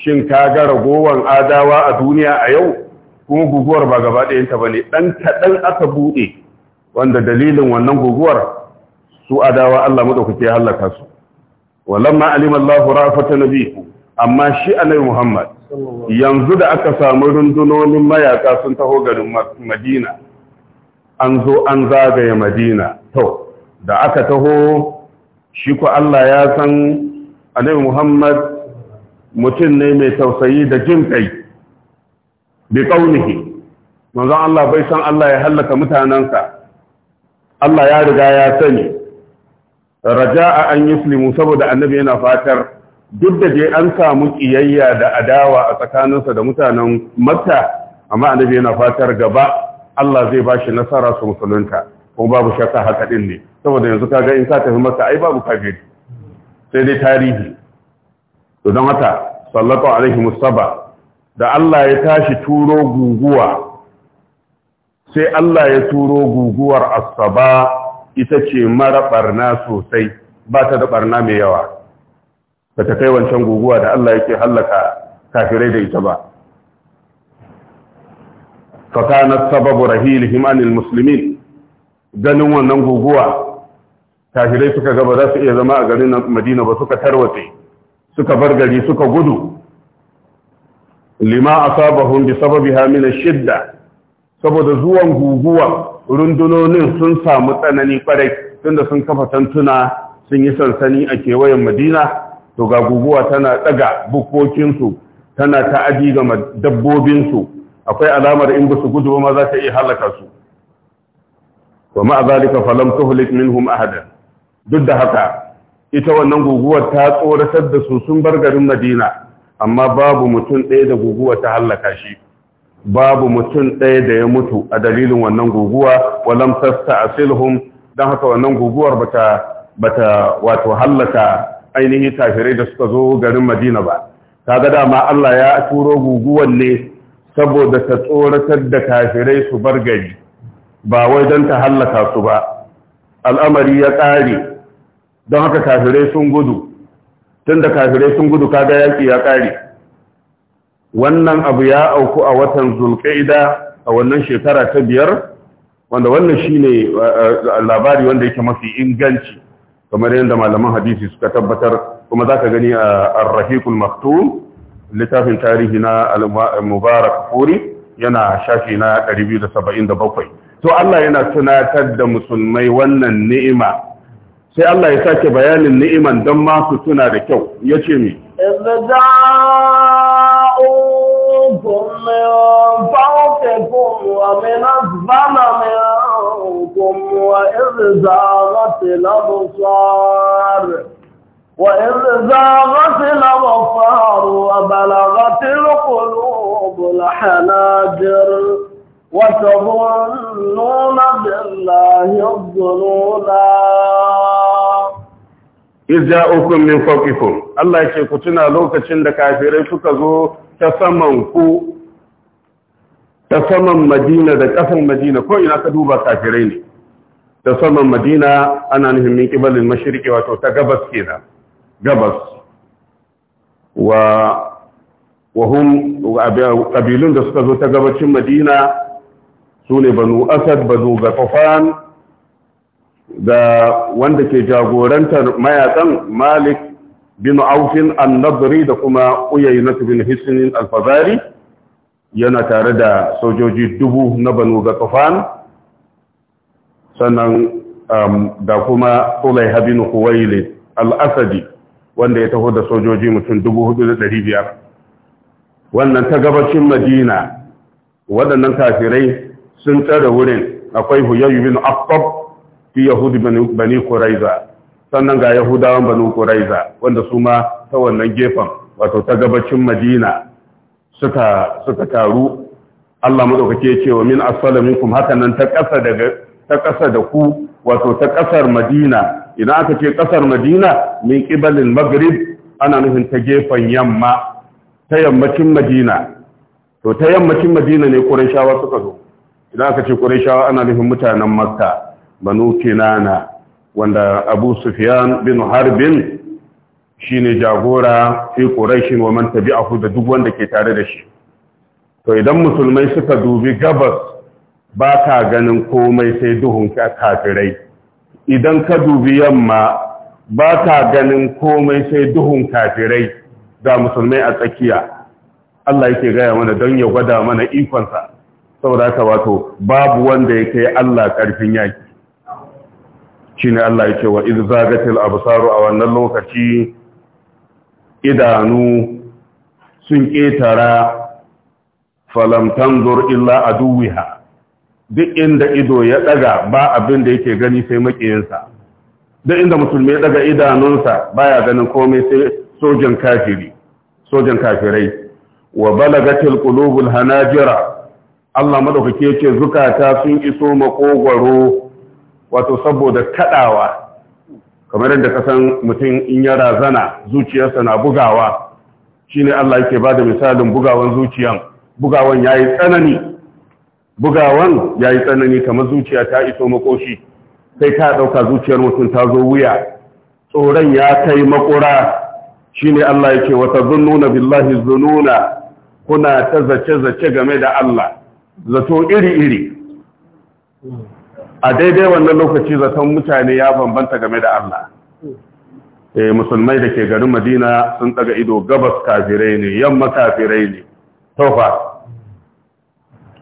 shin ka ga ragowan adawa a duniya a yau kuma guguwar ba gaba ɗayan ta bane dan kaɗan aka buɗe wanda dalilin wannan guguwar su adawa Allah madaukake ya halaka su walamma alima rafata nabiku amma shi annabi Muhammad yanzu da aka samu rundunonin mayaka sun taho garin Madina an zo an zagaye Madina to da aka taho shi ku Allah ya san annabi Muhammad mutum ne mai tausayi da jin kai bi kaunihi manzon Allah bai san Allah ya halaka mutanansa Allah ya riga ya sani a an yuslimu saboda annabi yana fatar duk da je an samu kiyayya da adawa a tsakaninsa da mutanen Makka amma annabi yana fatar gaba Allah zai ba shi nasara su musulunta kuma babu shakka haka ɗin ne saboda yanzu kaga in ka tafi Makka ai babu kafiri sai dai tarihi to don haka sallatu alaihi musaba da Allah ya tashi turo guguwa sai Allah ya turo guguwar asaba ita ce mara barna sosai ba ta da barna mai yawa ba ta kai wancan guguwa da Allah yake hallaka kafirai da ita ba fakanat sababu rahilihim anil musulmin, ganin wannan guguwa kafirai suka gaba za su iya zama a garin madina ba suka tarwatse suka bar gari suka gudu lima a bi sababiha min shidda saboda zuwan guguwa rundunonin sun samu tsanani kwarai tunda sun kafa tantuna sun yi sansani a kewayen madina to ga guguwa tana ɗaga bukokinsu tana ta'adi ga dabbobinsu akwai alamar in ba su gudu ba ma za ta iya halaka su wa ma zalika falam tuhlik minhum ahadan duk da haka ita wannan guguwar ta tsoratar da su sun bar garin madina amma babu mutum ɗaya da guguwa ta halaka shi babu mutum ɗaya da ya mutu a dalilin wannan guguwa a silhum. Don haka wannan guguwar bata wato hallaka ainihin tafirai da suka zo garin Madina ba kaga dama Allah ya turo guguwan ne saboda ta tsoratar da kafirai su bar gari ba wai don ta hallaka su ba al'amari ya ƙare don haka kafirai sun gudu tun da kafirai sun gudu kaga yaki ya ƙare wannan abu ya auku a watan zulqaida a wannan shekara ta biyar wanda wannan shine eh, eh, labari wanda yake mafi inganci kamar yadda malaman hadisi suka tabbatar kuma zaka gani a ar-rahiqul maktum littafin tarihi na al-mubarak furi yana shafi na 277 to Allah yana tunatar da musulmai wannan ni'ima sai Allah ya sake bayanin ni'iman don ma su tuna da kyau yace me من فوقكم ومن أسفل منكم وإذ زاغت الأبصار وإذ زاغت الأبصار وبلغت القلوب الحناجر وتظنون بالله الظنونا ukun min fawqikum Allah yake ku tuna lokacin da kafirai suka zo ta saman ku ta saman Madina da kasan Madina ko ina ka duba kafirai ne ta saman Madina ana nufin min kibalin mashriqi wato ta gabas kenan gabas wa wa hum qabilun da suka zo ta gabacin Madina sune banu Asad banu Gafafan. da wanda ke jagorantar mayakan Malik bin Aufin Annabri, da kuma Uyaynah bin Hisn al-Fazari yana tare da sojoji dubu na Banu Tufan, sannan um, da kuma Tulayha bin Khuwailid al-Asadi wanda ya taho da sojoji mutum dubu da biyar. wannan ta gabacin Madina waɗannan kafirai sun tsare wurin akwai Huyayyu bin fi yahudi bani kuraiza sannan ga yahudawan bani kuraiza wanda su ma ta wannan gefen wato ta gabacin madina suka taru Allah madaukake ya ce wa min asfala minkum hakan nan ta kasa daga ta kasa da ku wato ta kasar madina idan aka ce kasar madina min qibalil maghrib ana nufin ta gefen yamma ta yammacin madina to ta yammacin madina ne qurayshawa suka zo idan aka ce qurayshawa ana nufin mutanen makka banu kinana wanda abu sufyan bin harbin shine jagora fi ƙorashin wa man tabi'ahu da duk wanda ke tare da shi to idan musulmai suka dubi gabas ba ka ganin komai sai duhun kafirai idan ka dubi yamma ba ka ganin komai sai duhun kafirai Da musulmai a tsakiya Allah yake gaya mana don ya gwada mana ikonsa saboda haka wato babu wanda yake Allah ƙarfin yaki shine Allah yake wa idh zagatil absaru a wannan lokaci idanu sun ketara falam tanzur illa aduwiha duk inda ido ya daga ba abin da yake gani sai makiyinsa duk inda musulmi ya daga idanunsa baya ganin komai sai sojan kafiri sojan kafirai wa balagatil qulubul hanajira Allah madaukake yake zukata sun iso makogwaro wato saboda kadawa kamar yadda ka san mutum in ya razana zuciyarsa na bugawa shi ne Allah yake da misalin bugawan zuciyan bugawan yayi tsanani bugawan yi tsanani kamar zuciya ta iso makoshi sai ka ɗauka zuciyar mutum ta zo wuya tsoron ya kai makura ne Allah yake wata zununa billahi zununa kuna ta zace zace game da Allah zato iri iri a daidai wannan lokaci zaton mutane ya bambanta game da Allah eh, musulmai da ke garin madina sun daga ido gabas kafirai ne yamma kafirai ne tofa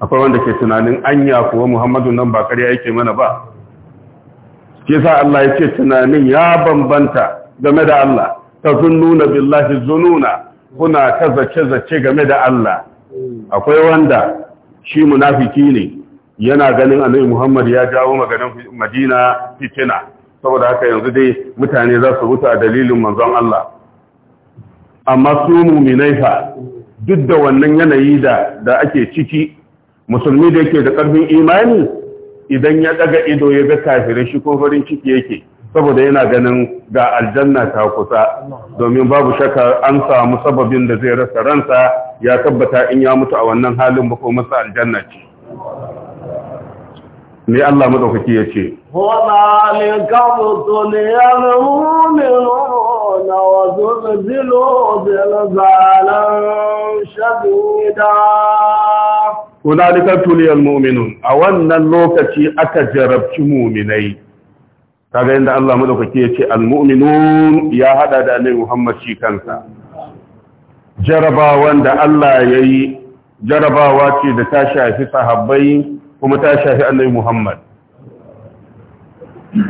akwai wanda ke tunanin anya kuwa muhammadu nan ba karya yake mana ba ke sa Allah ya ce tunanin ya bambanta game da Allah ta nuna billahi zununa kuna ta zace-zace game da Allah akwai wanda shi munafiki ne yana ganin annabi Muhammad ya jawo maganan Madina fitina saboda haka yanzu dai mutane za su mutu a dalilin manzon Allah amma su mu'minai fa duk da wannan yanayi da da ake ciki musulmi da yake da karfin imani idan ya daga ido ya ga kafirai shi ko farin ciki yake saboda yana ganin ga aljanna ta kusa domin babu shakka an samu sababin da zai rasa ransa ya tabbata in ya mutu a wannan halin ba ko masa aljanna ce ne Allah madaukaki ya ce hunalika tuliyal mu'minun a wannan lokaci aka jarabci mu'minai kaga yanda Allah madaukaki ya ce al mu'minun ya hada da ne Muhammad shi kansa jarabawan da Allah yayi jarabawa ce da ta shafi sahabbai kuma ta shafi annabi Muhammad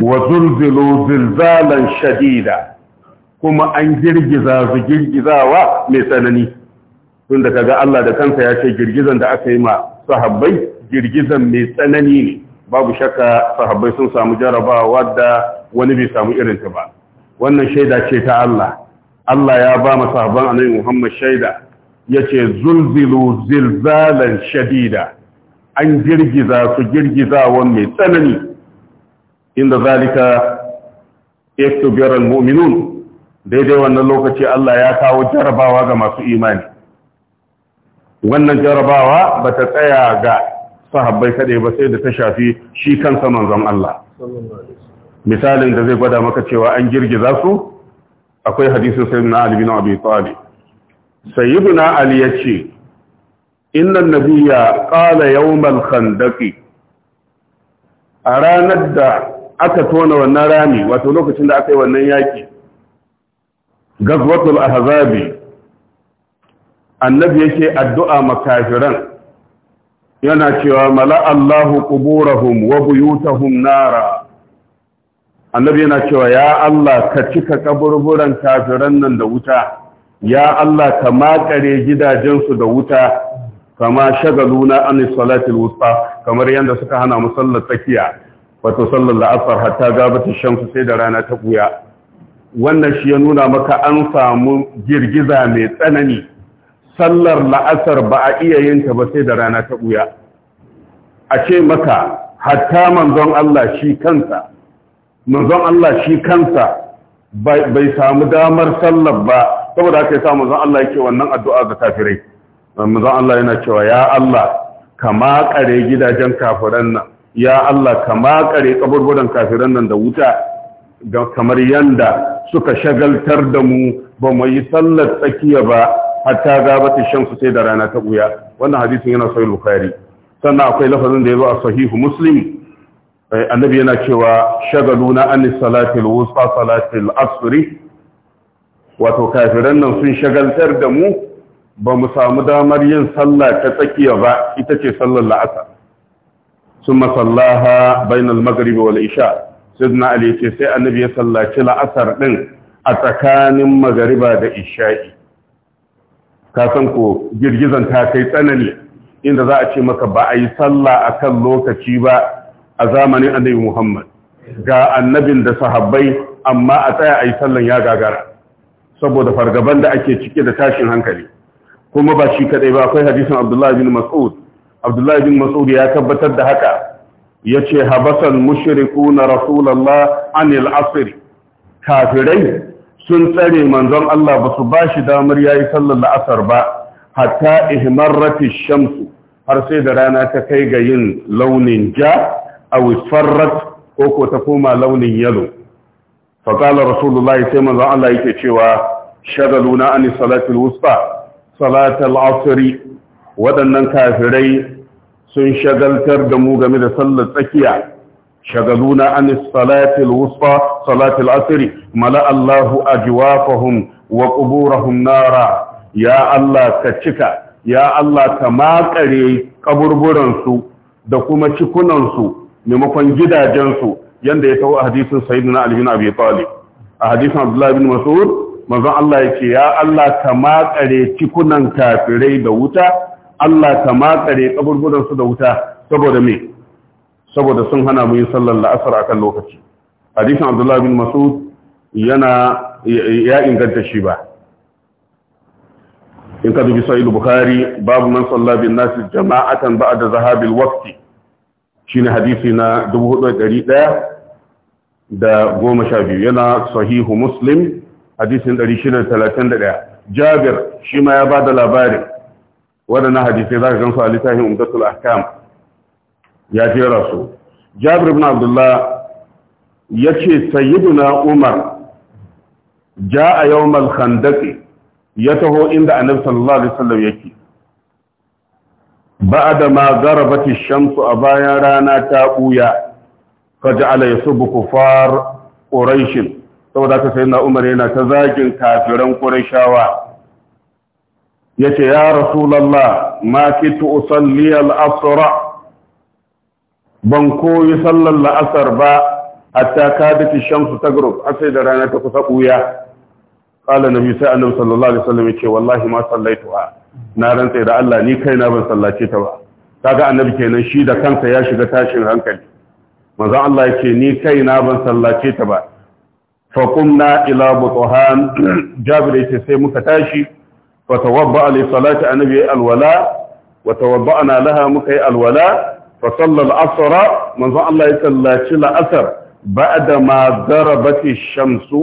wa zulzilu zilzalan shadida kuma an girgiza su girgizawa mai tsanani tun da kaga Allah da kansa ya ce girgizan da aka yi ma sahabbai girgizan mai tsanani ne babu shakka sahabbai sun samu jarabawa da wani bai samu irin ta ba wannan shaida ce ta Allah Allah ya ba masahaban annabi Muhammad shaida yace zulzilu zilzalan shadida an girgiza su girgizawan mai tsanani inda zalika iktubiyar muminun daidai wannan lokaci Allah ya kawo jarabawa ga masu imani wannan jarabawa ba ta tsaya ga sahabbai kaɗai ba sai da ta shafi shi kansa manzon Allah misalin da zai gwada maka cewa an girgiza su akwai na sayyidina Ali bin Abi Talib sayyidina Ali yace innan nabiya qala yawmal khandaqi a ranar da aka tona wannan rami wato lokacin da aka yi wannan yaki gazwatul ahzabi annabi yake addu'a makafiran yana cewa mala Allahu quburahum wa buyutahum annabi yana cewa ya Allah ka cika kaburburan kafiran nan da wuta ya Allah ka maƙare gidajensu da wuta kama shagaluna an salati alwusta kamar yanda suka hana mu sallar tsakiya wato sallar la'asar hatta gabata shamsu sai da rana ta buya wannan shi ya nuna maka an samu girgiza mai tsanani sallar la'asar ba a iya yin ta ba sai da rana ta buya a ce maka hatta manzon Allah shi kansa manzon Allah shi kansa bai samu damar sallar ba saboda haka ya sa manzon Allah yake wannan addu'a ga kafirai manzon Allah yana cewa ya Allah kama kare gidajen kafiran nan ya Allah kama kare kaburburan kafiran nan da wuta kamar yanda suka shagaltar da mu ba mu yi sallar tsakiya ba hatta gabata shamsu sai da rana ta buya wannan hadisin yana sahih bukhari sannan akwai lafazin da yazo a sahihu muslim eh, annabi yana cewa shagaluna an salati al-wusta salati al wato kafiran nan sun shagaltar da mu ba mu samu damar yin sallah ta tsakiya ba ita ce sallar la'asar sun masallaha bainal magaribi wal isha sidna ali ce sai annabi ya sallaci la'asar din a tsakanin magariba da isha'i ka san ko girgizan ta kai tsanani inda za a ce maka ba a yi sallah a kan lokaci ba a zamanin annabi muhammad ga annabin da sahabbai amma a tsaya a yi sallan ya gagara saboda fargaban da ake cike da tashin hankali kuma ba shi kadai ba akwai hadisin Abdullahi bin Mas'ud Abdullah bin Mas'ud ya tabbatar da haka yace habasan mushrikuna rasulullah anil asr kafirai sun tsare manzon Allah basu bashi damar yayi sallar la'asar ba hatta ihmarrati shamsu har sai da rana ta kai ga yin launin ja aw farrat ko ko ta koma launin yalo fa qala rasulullahi sai manzon Allah yake cewa shagaluna anis salatil wusta salatul asri waɗannan kafirai sun shagaltar da mu game da sallar tsakiya shagaluna an salatul wusta salatul asri mala Allahu ajwafahum wa quburahum nara ya Allah ka cika ya Allah ka makare ƙaburburansu, da kuma cikunansu maimakon gidajensu yanda ya tawo a hadisin sayyidina Ali bin Abi a hadisin Abdullahi bin Mas'ud manzon Allah ya ce ya Allah ka matsare cikunan kafirai da wuta Allah ka matsare kaburburan da wuta saboda me saboda sun hana mu yin sallar la'asar akan lokaci hadisin Abdullah bin Mas'ud yana ya inganta shi ba in ka dubi sahih bukhari babu man salla bin nas jama'atan ba'da zahabil waqti shine hadisi na 4100 da goma sha biyu. yana sahihu muslim hadisin 631 jabir shi ma ya ba da labarin waɗannan hadisai za ka gansu a littafin umdatul ahkam ya jera su jabir ibn abdullah ya ce sayyiduna umar ja a yawmal khandaqi ya taho inda annabi sallallahu alaihi wasallam yake ba'da ma garabati shamsu a bayan rana ta buya faj'ala yasubu kufar ƙorashin. saboda ka sayi na umar yana ta zagin kafiran ƙurashawa ya ce ya rasulallah ma kitu usalli asura. ban koyi sallar la'asar ba hatta ka daki shamsu ta group a sai da rana ta kusa ɓuya ƙala na sai annabi sallallahu alaihi wasallam ya ce wallahi ma sallaituha na rantsa da Allah ni kaina ban sallace ta ba kaga annabi kenan shi da kansa ya shiga tashin hankali manzon Allah ya ce ni kaina ban sallace ta ba فقمنا إلى بطهان جابر يتسي مكتاشي فتوضأ لصلاة النبي الولاء وتوضأنا لها مكي الولاء فصلى العصر من ظن الله يسلى شل أثر بعدما ضربت الشمس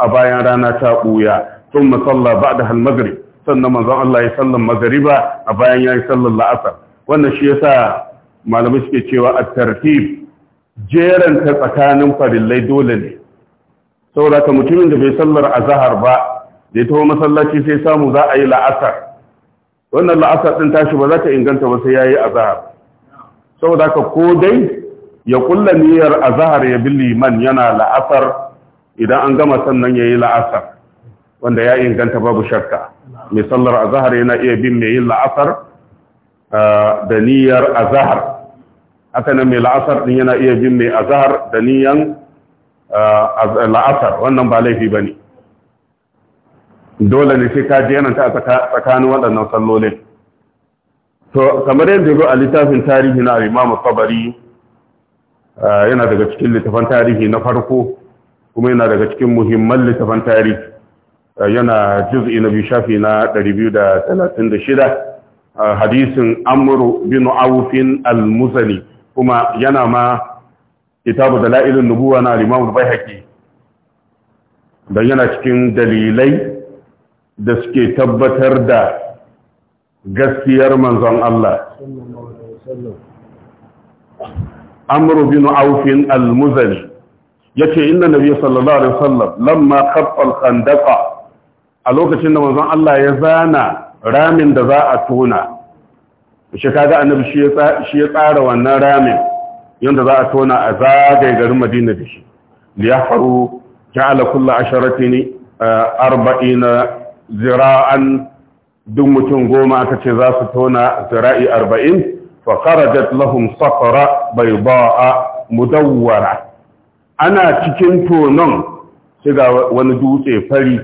أبايا رانا تاقويا ثم صلى بعدها المغرب sannan manzon Allah ya sallan magariba a bayan ya yi sallan la'asar wannan shi yasa malamai suke cewa a tartib jeranta tsakanin farillai dole ne saboda ka mutumin da bai sallar azahar ba da ya masallaci sai samu za a yi la'asar wannan la'asar ɗin tashi ba za ta inganta ba sai yayi azahar saboda ka ko dai ya kulla niyyar azahar ya bi liman yana la'asar idan an gama sannan yi la'asar wanda ya inganta babu shakka mai sallar azahar yana iya bin mai yin la'asar ah, da niyyar azahar haka nan mai la'asar ɗin yana iya bin mai azahar da niyyan la'asar wannan ba laifi ba ne dole ne sai ka jeranta a tsakanin waɗannan sallolin to kamar yadda zo a littafin tarihi na imamu kabari yana daga cikin littafan tarihi na farko kuma yana daga cikin muhimman littafan tarihi yana juz'i na biyu shafi na 236 hadisin amru bin Awufin al-muzani kuma yana ma kitabu dalailun nubuwa na al bai al don yana cikin dalilai da suke tabbatar da gaskiyar manzon Allah amru bin aufin al ya yace inda nabiy sallallahu alaihi wasallam lamma khaffa al a lokacin da manzon Allah ya zana ramin da za a tona shi kaga annabi shi ya tsara wannan ramin yanda za a tona a zagaye garin madina da shi liyafaru ja'ala kullu asharatin eh, arba'ina zira'an duk mutum goma aka ce za su tona zira'i arba'in fa kharajat lahum safara bayda'a mudawwara ana cikin tonon shiga wani dutse fari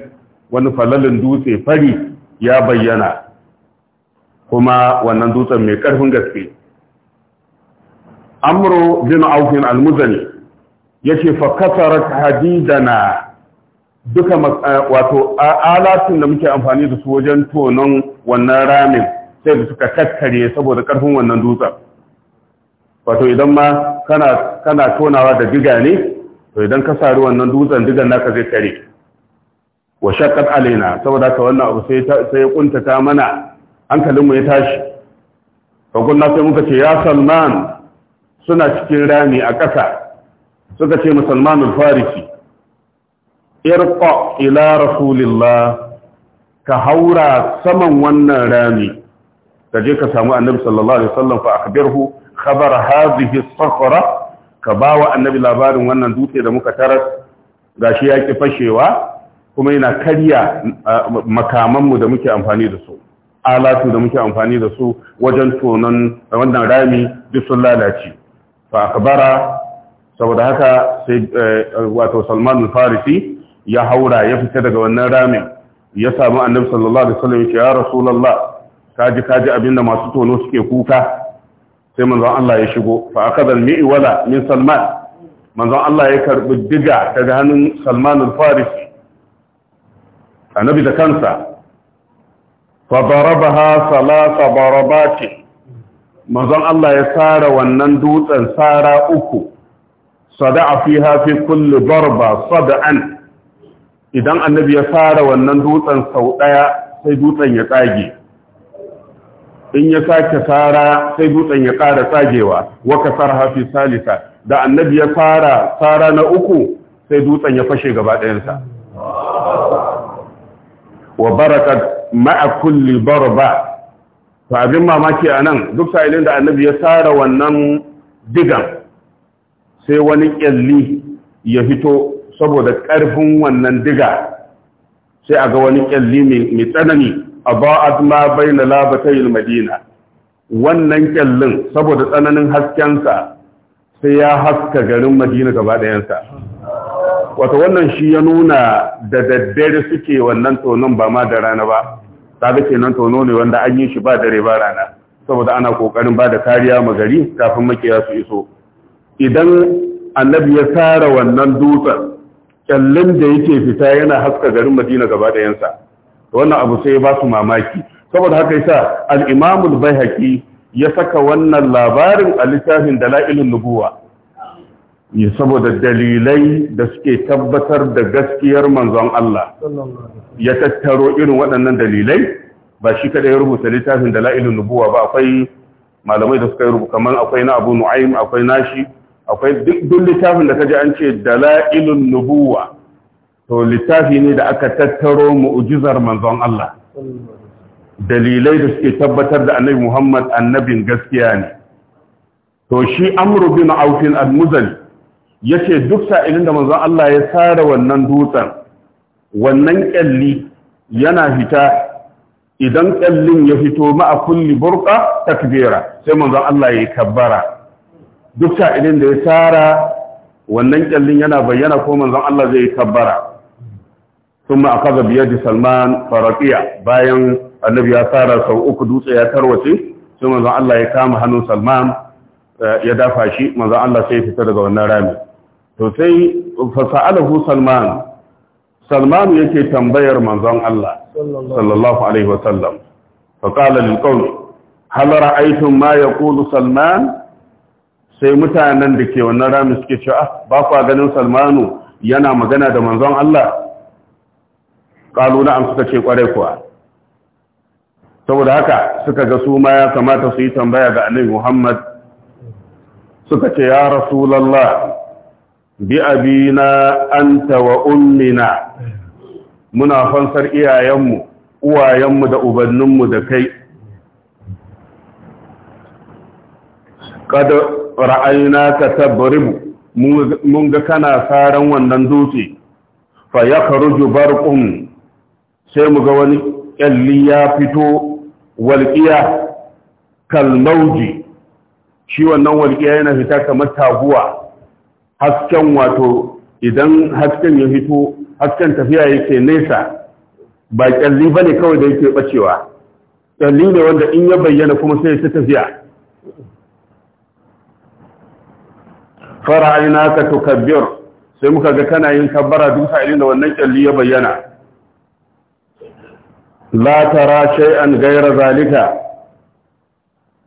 wani falalin dutse fari ya bayyana kuma wannan dutsen mai karfin gaske amro bin aufin almuzani ya ce fa kasarar hadidana duka eh, wato alatun da muke amfani da su wajen tonon wannan ramin sai da suka kakkare saboda karfin wannan dutsen wato idan ma kana tonawa da diga ne to idan ka sari wannan dutsen digan naka zai kare wa shakkat alaina saboda ka wannan abu sai ya kuntata mana hankalinmu ya tashi fa kunna sai muka ce ya salman suna cikin rami a ƙasa suka ce musulmanul fariki irqa ila rasulillah ka haura saman wannan rami ka je ka samu annabi sallallahu alaihi wasallam fa akhbirhu khabar hadhihi as-sakhra ka wa annabi labarin wannan dutse da muka taras gashi ya fashewa kuma yana karya makamanmu da muke amfani da su alatu da muke amfani da su wajen tonon wannan rami duk sun lalace fa akbara saboda haka sai eh, wato Salman al-Farisi ya haura ya fita daga wannan ramin ya samu Annabi sallallahu alaihi wasallam ya Rasulullah kaji kaji abinda masu tono suke kuka sai manzon Allah ya shigo fa akadha al-mi'wala min Salman manzon Allah ya karbi diga daga hannun Salman al-Farisi Annabi da kansa fa darabaha salasa darabati manzon Allah ya sara wannan dutsen sara uku sada'a fiha fi kulli darba sada'an idan annabi ya tsara wannan dutsen sau daya sai dutsen ya tsage in ya sake tsara sai dutsen ya kara tsagewa waka sarha hafi salisa da annabi ya tsara tsara na uku sai dutsen ya fashe gaba ɗayansa wa barakat ma'a kulli darba to abin mamaki a nan duk sa'ilin da annabi ya tsara wannan digan sai wani ƙyalli ya fito saboda ƙarfin wannan diga sai a ga wani ƙyalli mai tsanani a ba'ad ma bai na madina wannan ƙyallin saboda tsananin haskensa sai ya haska garin madina gaba ɗayansa wata wannan shi ya nuna da daddare suke wannan tonon ba ma da rana ba kaga kenan tono ne wanda an yi shi ba dare ba rana saboda ana kokarin ba da kariya ma gari kafin makiya su iso idan annabi ya sara wannan dutsen kyallin da yake fita yana haska garin madina gaba da ɗayansa wannan abu sai ba su mamaki saboda haka yasa al-imamul baihaqi ya saka wannan labarin a littafin dalailun nubuwa saboda dalilai da suke tabbatar da gaskiyar manzon Allah ya tattaro irin waɗannan dalilai ba shi kada ya rubuta littafin da la'ilin nubuwa ba akwai malamai da suka yi rubuta kamar akwai na abu nu'aim akwai nashi akwai duk littafin da kaji an ce da la'ilin nubuwa to littafi ne da aka tattaro mu'ujizar manzon Allah dalilai da suke tabbatar da annabi Muhammad annabin gaskiya ne to shi amru bin aufin al-muzali yace duk sa'ilin da manzon Allah ya sare wannan dutsen wannan kalli yana fita idan kallin ya fito ma'a kulli burqa takbira sai manzon Allah ya kabbara duk sa'ilin da ya sara wannan kyallin yana bayyana ko manzon Allah zai kabbara thumma akaza bi da Salman faraqiya bayan annabi ya sara sau uku dutse ya tarwace sai manzon Allah ya kama hannun Salman eh, ya dafa shi manzon Allah sai ya fita daga wannan rami to sai fasa'alahu salman salman yake tambayar manzon Allah sallallahu alaihi wasallam fa qala lil qawmi hal ra'aytum ma yaqulu salman sai mutanen da ke wannan rami suke cewa ah, ba kwa ganin salmanu yana magana da manzon Allah qalu na'am suka ce kware kuwa saboda haka suka ga su ma ya kamata su yi tambaya ga annabi Muhammad suka ce ya rasulullah bi abina anta wa ummina muna fansar iyayenmu uwayenmu da ubanninmu da kai kada ra'ayina ka tabribu mun ga kana saran wannan dutse fa yakhruju barqum sai mu ga wani kyalli ya fito walqiya kalmauji shi wannan walqiya yana fita kamar taguwa hasken wato idan hasken ya fito hasken tafiya yake nesa ba kyalli ba ne kawai da yake bacewa kyalli ne wanda in ya bayyana kuma sai ta tafiya fara'ina ka tukabbir sai muka ga kana yin kabbara duk sa'ilin da wannan kyalli ya bayyana la tara shay'an ghayra zalika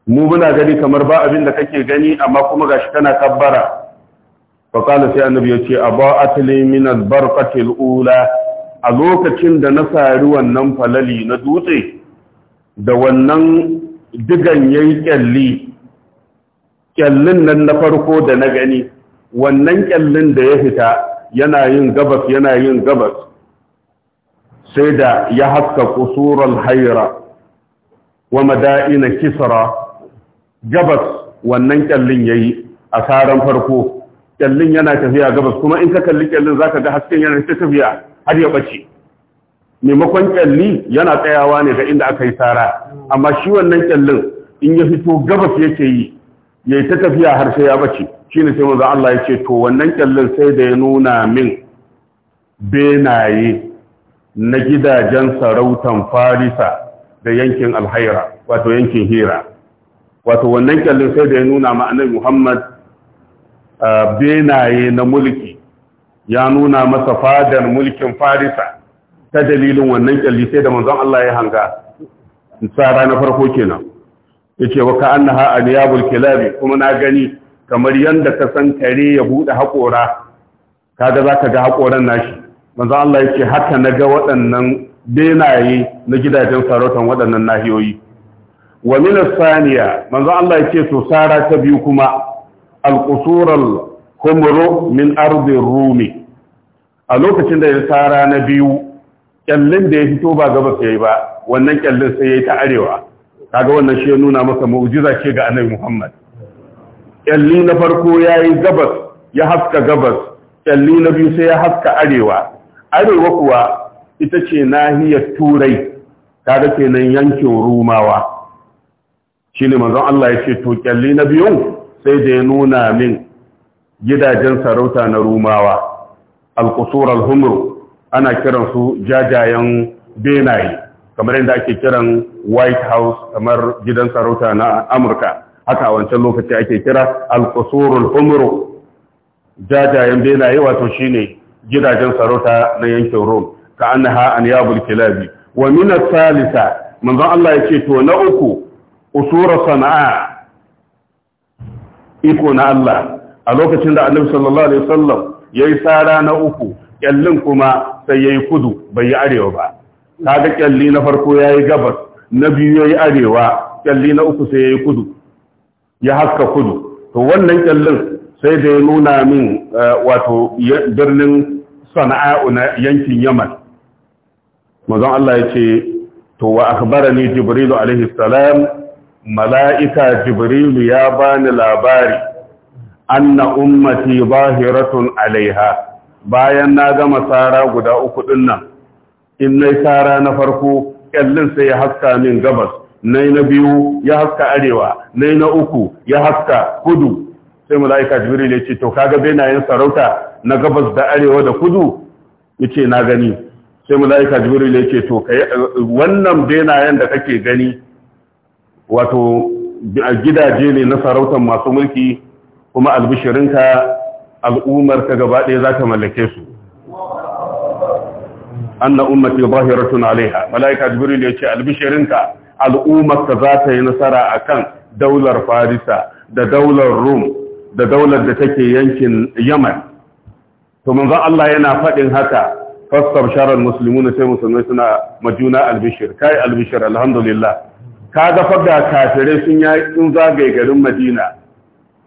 mu muna gani kamar ba abin da kake gani amma kuma gashi kana kabbara faƙala sai annabi ya ce a ba a min albarkatil ula a lokacin da na sari wannan falali na dutse da wannan digan yayi kyalli nan na farko da na gani wannan ƙyallin da ya fita yana yin gabas yana yin gabas sai da ya haska kusurar haira wa mada'ina kisra gabas wannan ya yayi a saran farko kyallin yana tafiya gabas kuma in ka kalli kyallin ka ga hasken yana ta tafiya har ya bace maimakon kyalli yana tsayawa ne ga inda aka yi sara amma shi wannan kyallin in ya fito gabas yake yi yayi ta tafiya har sai ya bace shine sai manzo Allah ya ce to wannan kyallin sai da ya nuna min benaye na gidajen sarautan Farisa da yankin Alhaira wato yankin Hira wato wannan kyallin sai da ya nuna ma'anar Muhammad benaye na mulki ya nuna masa fadar mulkin farisa ta dalilin wannan kyalli sai da manzon Allah ya hanga tsara na farko kenan yace wa ka annaha aliyabul kilabi kuma na gani kamar yanda ka san kare ya bude hakora kaga zaka ga hakoran nashi manzon Allah yace haka naga waɗannan benaye na gidajen sarautan waɗannan nahiyoyi wa min as-saniya manzon Allah yace to sara ta biyu kuma al-qusur al min ardi rumi a lokacin da ya tsara na biyu ƙyallin da ya fito ba gabas yayi ba wannan kyallin sai yayi ta arewa kaga wannan shi ya nuna masa mu'jiza ce ga annabi Muhammad Ƙyalli na farko yayi gabas ya haska gabas kyalli na biyu sai ya haska arewa arewa kuwa ita ce nahiyar turai kaga kenan yankin rumawa shine manzon Allah ya ce to kyalli na biyun sai da ya nuna min gidajen sarauta na rumawa alkusur alhumru ana kiransu jajayen benaye kamar yadda ake kiran white house kamar gidan sarauta na amurka haka a wancan lokaci ake kira alkusur alhumru jajayen benaye wato shine gidajen sarauta na yankin rome ka annaha an yabul kilabi wa min salisa manzon Allah ya ce to na uku usura sana'a iko na Allah a lokacin da annabi sallallahu alaihi wasallam yayi sara na uku kyallin kuma sai yayi kudu bai yi arewa ba kaga kyalli na farko yayi gabas na biyu yayi arewa kyalli na uku sai yayi kudu ya haska kudu to wannan kyallin sai da ya nuna min eh, wato birnin sana'a na yankin yaman mazan Allah ya ce to wa akhbarani jibrilu alaihi salam mala'ika jibrilu ya bani labari anna ummati bahiratun alaiha bayan na gama tsara guda uku nan, in nai tsara na farko kyallin sai ya haska min gabas nai na biyu ya haska arewa nai na uku ya haska kudu sai mala'ika jibril ya ce to kaga benayen sarauta na gabas da arewa da kudu yace na gani sai mala'ika jibril ya ce to kai wannan benayen da kake gani wato gidaje ne na sarautar masu mulki kuma albishirinka al'ummar ta gaba ɗaya za ta mallake su anna ummati zahiratun alaiha malaika jibril ya ce albishirinka al'ummar ta za ta yi nasara a kan daular farisa da daular rum da daular da take yankin yaman to manzon Allah yana faɗin haka musulmi na sai musulmai suna majuna albishir kai albishir alhamdulillah Ka ga ga kafirai sun ya sun zagaye garin Madina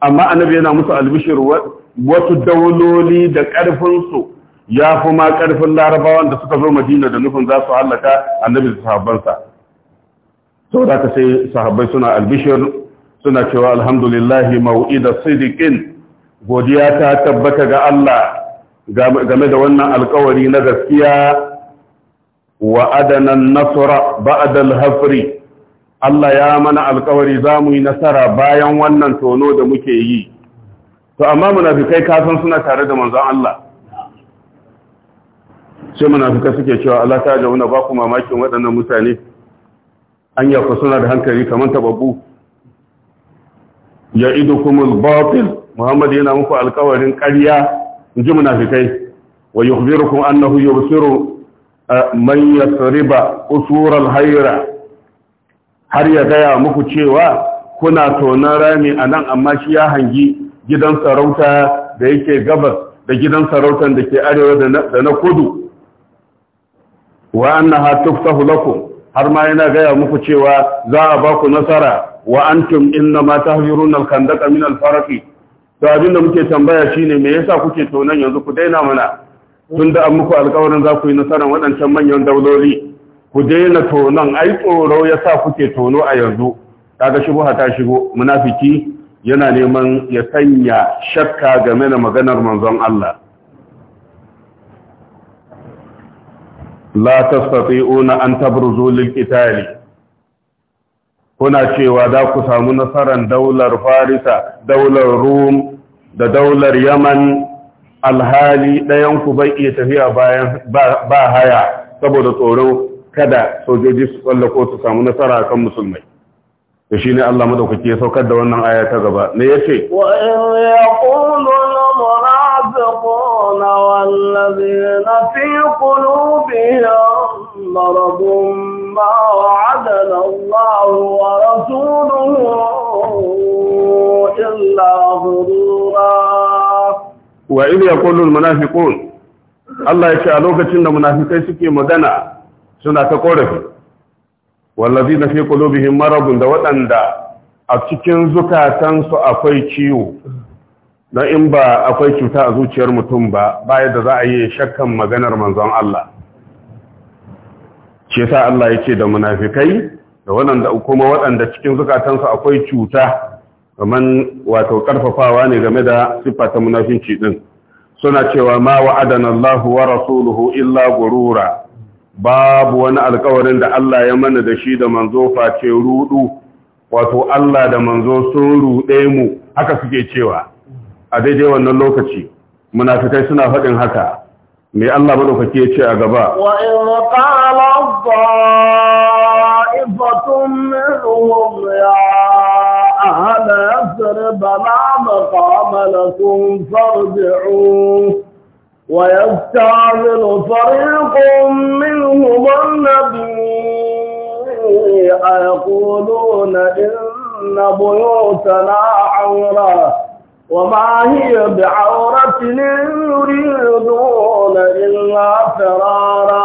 amma annabi yana musu albishir wasu dauloli da karfin su ya fi ma karfin larabawan da suka zo Madina da nufin za su halaka annabi da sahabbansa da ka sai sahabbai suna albishir suna cewa alhamdulillahi da sidiqin godiya ta tabbata ga Allah game da wannan alkawari na gaskiya wa adana nasra ba'da al-hafri Allah ya mana alkawari za mu yi nasara bayan wannan tono da muke yi to amma munafikai kasan suna tare da manzon Allah sai munafikai suke cewa Allah ta jauna ba ku mamakin waɗannan mutane an ku suna da hankali kamar tababbu ya idu batil muhammad yana muku alkawarin ƙarya in ji munafikai wa yukhbirukum annahu yubsiru eh, man yasriba usura haira hayra har ya gaya muku cewa kuna tonon rami a nan amma shi ya hangi gidan sarauta da yake gabas da gidan sarautar da ke arewa da na kudu wa ha tuftahu lakum har ma yana gaya muku cewa za a ba nasara wa antum inna ma tahziruna al-khandaqa min al-farqi to abin da muke tambaya shine me yasa kuke tonan yanzu ku daina mana tunda an muku alƙawarin za ku yi nasarar waɗancan manyan dauloli ku daina tonon ai tsoro ya sa kuke tono a yanzu kaga ha ta shigo munafiki yana neman ya sanya shakka game da maganar manzon Allah la tastati'una an tabruzu lil itali kuna cewa za ku samu nasarar daular farisa daular rum da daular yaman alhali ɗayanku bai iya tafiya bayan ba haya saboda tsoro kada sojoji su tsallako su samu nasara a kan musulmai da shi ne Allah maɗaukaki ya saukar da wannan aya gaba na ya ce wa in yaqulu al-munafiquna wal ladhina fi qulubihim maradun ma wa'adana Allah wa rasuluhu illa ghurura wa in yaqulu al-munafiqun Allah ya ce a lokacin da munafikai suke magana suna ta korafi wallazi na fi qulubihim maradun da waɗanda a cikin zukatansu akwai ciwo don in ba akwai cuta a zuciyar mutum ba baya da za a yi shakkan maganar manzon Allah ce sa Allah ya ce da munafikai da waɗanda kuma waɗanda cikin zukatansu akwai cuta kamar wato ƙarfafawa ne game da siffa ta munafinci ɗin suna cewa ma wa'adana Allah wa rasuluhu illa gurura babu wani alkawarin da Allah ya mana da shi da manzo face rudu wato Allah da manzo sun rude mu haka suke cewa a daidai wannan lokaci munafikai suna faɗin haka me Allah dauka ya ce a gaba wa in qala dha'ifatun minhum ya ahla yasrib la maqama lakum farji'u ويستعمل فريق منهم النبي يقولون إن بيوتنا عورة وما هي بعورة يريدون إلا فرارا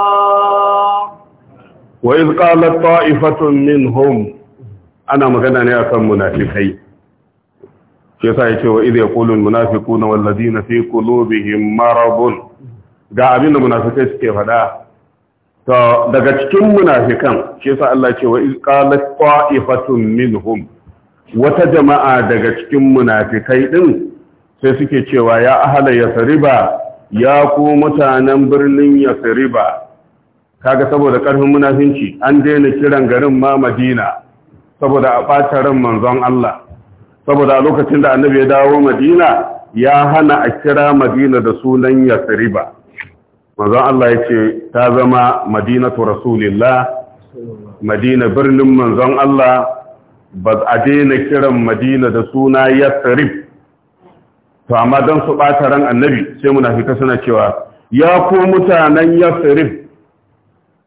وإذ قالت طائفة منهم أنا مغنى أكم منافقين shi yasa yake wa idh yaqulu wal ladina fi qulubihim maradun ga abin da munafikai suke faɗa to daga cikin munafikan shi yasa Allah ce wa idh qalat qa'ifatun minhum wata jama'a daga cikin munafikai din sai suke cewa ya ahala yasriba ya ku mutanen birnin yasriba kaga saboda karfin munafinci an daina kiran garin ma Madina saboda a ɓata ran manzon Allah saboda a lokacin da annabi ya dawo madina ya hana a kira madina da sunan yasriba manzon Allah ya ce ta zama madinatu rasulillah madina birnin manzon Allah ba a daina kiran madina da suna yasrib to amma don su ɓata ran annabi sai munafika suna cewa ya ku mutanen yasrib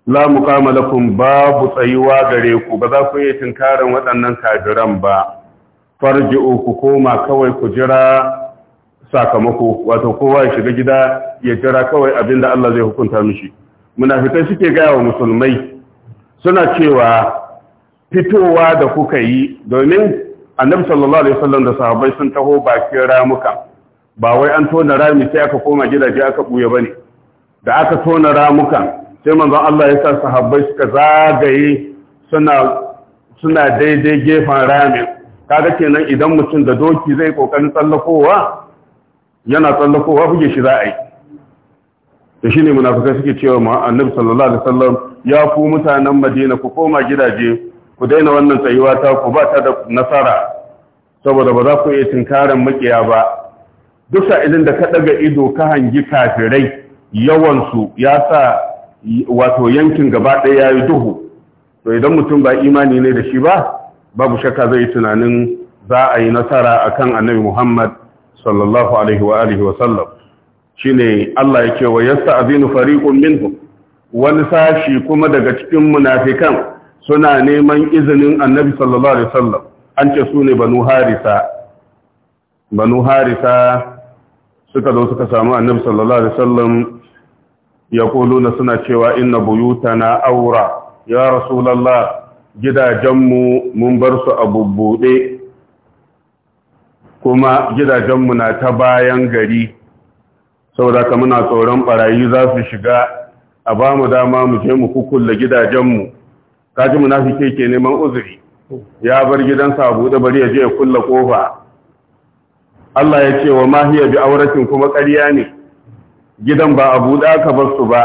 la muqama lakum babu tsayuwa gare ku ba za ku yi tinkarin waɗannan kafiran ba farji'u ku koma kawai ku jira sakamako wato kowa ya shiga gida ya jira kawai abin da Allah zai hukunta mishi munafikai suke gaya wa musulmai suna cewa fitowa da kuka yi domin annabi sallallahu alaihi wasallam da sahabbai sun taho bakin ramuka ba wai an tona rami sai aka koma gidaje aka buye bane da aka tona ramuka, sai manzon Allah ya sa sahabbai suka zagaye suna suna daidai gefen ramin kaga kenan idan mutum da doki zai kokarin tsallakowa yana tsallakowa buge shi za a yi da shi ne munafukai suke cewa ma annabi sallallahu alaihi wasallam ya ku mutanen madina ku koma gidaje ku daina wannan tsayuwa ta ku ba ta da nasara saboda ba za ku iya tinkarin makiya ba duk sa'ilin da ka daga ido ka hangi kafirai yawansu ya sa wato yankin gaba ɗaya ya yi duhu to idan mutum ba imani ne da shi ba babu shakka zai tunanin za a yi nasara akan annabi Muhammad sallallahu alaihi wa Alaihi wa sallam ne, Allah ya yake wa azinu fariƙun minhum wani sashi kuma daga cikin munafikan suna neman izinin annabi sallallahu alaihi wa sallam an ce su ne banu harisa banu harisa suka zo suka samu annabi sallallahu alaihi wa sallam yaquluna suna cewa inna na aura. ya rasulallah gidajenmu mun bar su a bubbuɗe kuma gidajenmu na ta bayan gari saboda ka muna tsoron ɓarayi za su shiga a ba mu dama mu je mu kukulla gidajenmu kaji munafike ke neman uzuri ya bar gidansa a buɗe bari ya je ya kulla ƙofa Allah ya ce wa mahiya bi auratin kuma ƙarya ne gidan ba a buɗe aka bar su ba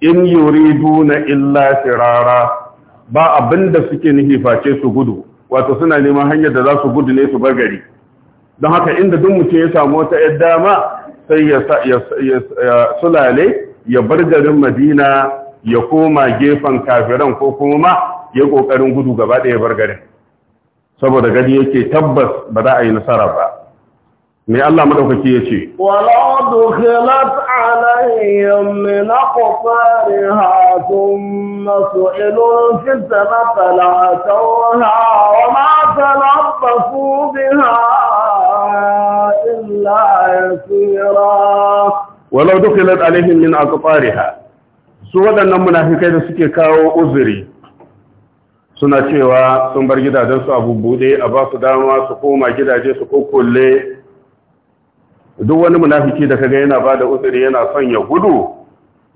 in na illa firara ba abinda suke nufi face su gudu wato suna neman hanyar da za su gudu ne su bar gari don haka inda duk mutum ya samu wata yar dama sai ya sulale ya bar garin madina ya koma gefen kafiran ko kuma ma ya kokarin gudu gaba ɗaya bar garin saboda gani yake tabbas ba za a yi nasara ba me Allah madaukaki yace ce walau dukhilat alayhim min aqfariha thumma su'ilun fi samata tawha wa ma talabbu biha illa yasira walau dukhilat alayhim min aqfariha su waɗannan munafikai da suke kawo uzuri suna cewa sun bar gidajen a bubbuɗe a ba su dama su koma gidaje su kokkulle duk wani munafiki da kaga yana bada uzuri yana son ya gudu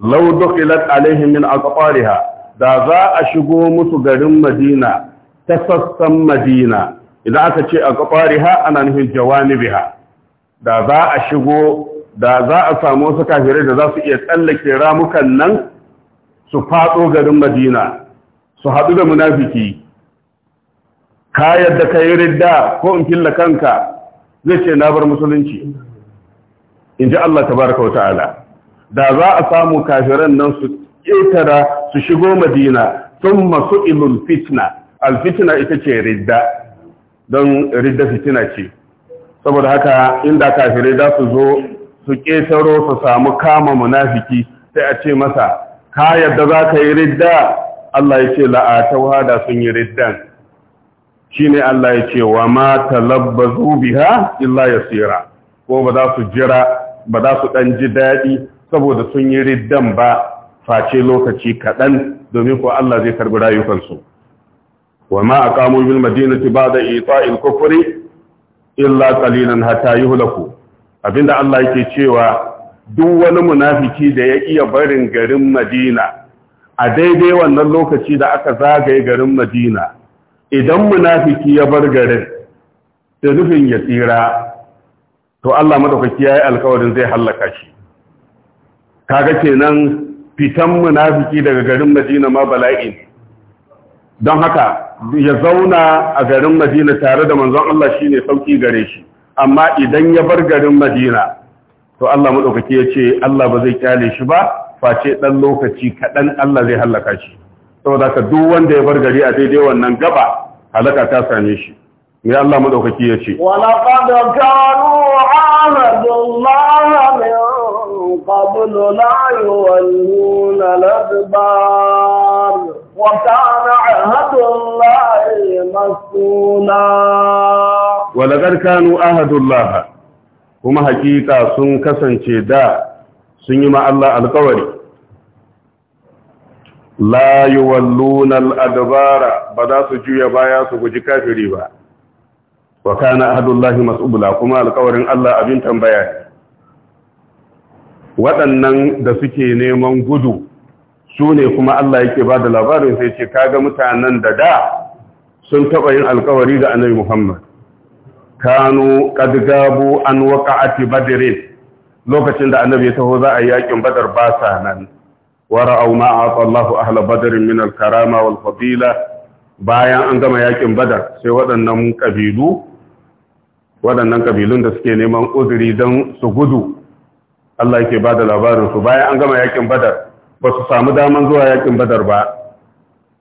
law dukhilat alaihim min aqfariha da za a shigo musu garin Madina ta sassan Madina idan aka ce aqfariha ana nufin jawanibiha da za a shigo da za a samu wasu kafirai da za su iya tsallake ramukan nan su fado garin Madina su haɗu da munafiki ka yadda ka yi ridda ko in killa kanka zai ce na bar musulunci in ji Allah tabaraka wa ta'ala da za a samu kafiran nan su ƙetara su shigo madina sun masu ilul fitna alfitna ita ce ridda don ridda fitina ce saboda haka inda kafirai za su zo su ƙetaro su samu kama munafiki sai a ce masa ka yadda za ka yi ridda Allah ya ce la'atau da sun yi riddan shi ne Allah ya ce wa ma zubi ha illa tsira, ko ba za su jira ba za su ɗan ji daɗi saboda sun yi riddan ba face lokaci kaɗan domin ko Allah zai karbi rayukansu wa ma a aqamu bil madinati ba'da in kufri illa yi hatta yuhlaku abinda Allah yake cewa duk wani munafiki da ya iya barin garin Madina a daidai wannan lokaci da aka zagaye garin Madina idan munafiki ya bar garin da nufin ya tsira to Allah madaukaki yayi alƙawarin zai halaka shi kaga kenan fitan munafiki daga garin Madina ma bala'i don haka ya zauna a garin Madina tare da manzon Allah shine sauki gare shi amma idan ya bar garin Madina to Allah madaukaki yace Allah ba zai kyale shi ba face dan lokaci kadan Allah zai halaka shi saboda ka duk wanda ya bar gari a daidai wannan gaba halaka ta same shi ya Allah madaukaki yace ce wa kanu ahadullah min qabl la ladbar wa kana masuna kanu kuma hakika sun kasance da sun yi ma Allah alkawari la yuwalluna al ba za su juya baya su guji kafiri ba wa kana ahdullahi Bula kuma alƙawarin Allah abin tambaya waɗannan da suke neman gudu su ne kuma Allah yake ba da labarin sai ce kaga mutanen da da sun taɓa yin alƙawari da annabi Muhammad kanu qad gabu an waqa'ati badr lokacin da annabi ya taho za a yakin badar ba sa nan wara'au ma ata Allahu ahla badr min al-karama wal fadila bayan an gama yakin badar sai waɗannan kabilu waɗannan ƙabilun da suke neman uzuri don su gudu Allah yake ba da labarinsu bayan an gama yakin badar ba su samu daman zuwa yakin badar ba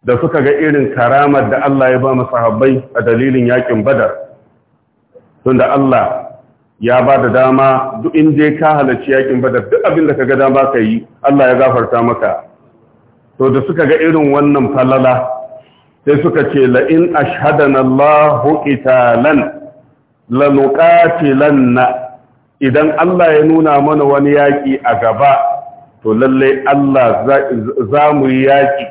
da suka ga irin karamar da Allah ya ba masahabbai a dalilin yakin badar tunda Allah ya ba da dama duk inda ka halarci yakin badar duk abin da ka ga dama ka yi Allah ya gafarta maka to da suka ga irin wannan falala sai suka ce la'in ashhadana Allahu lan. lanuqatilanna idan Allah ya nuna mana wani yaƙi a gaba to lalle Allah za mu yaki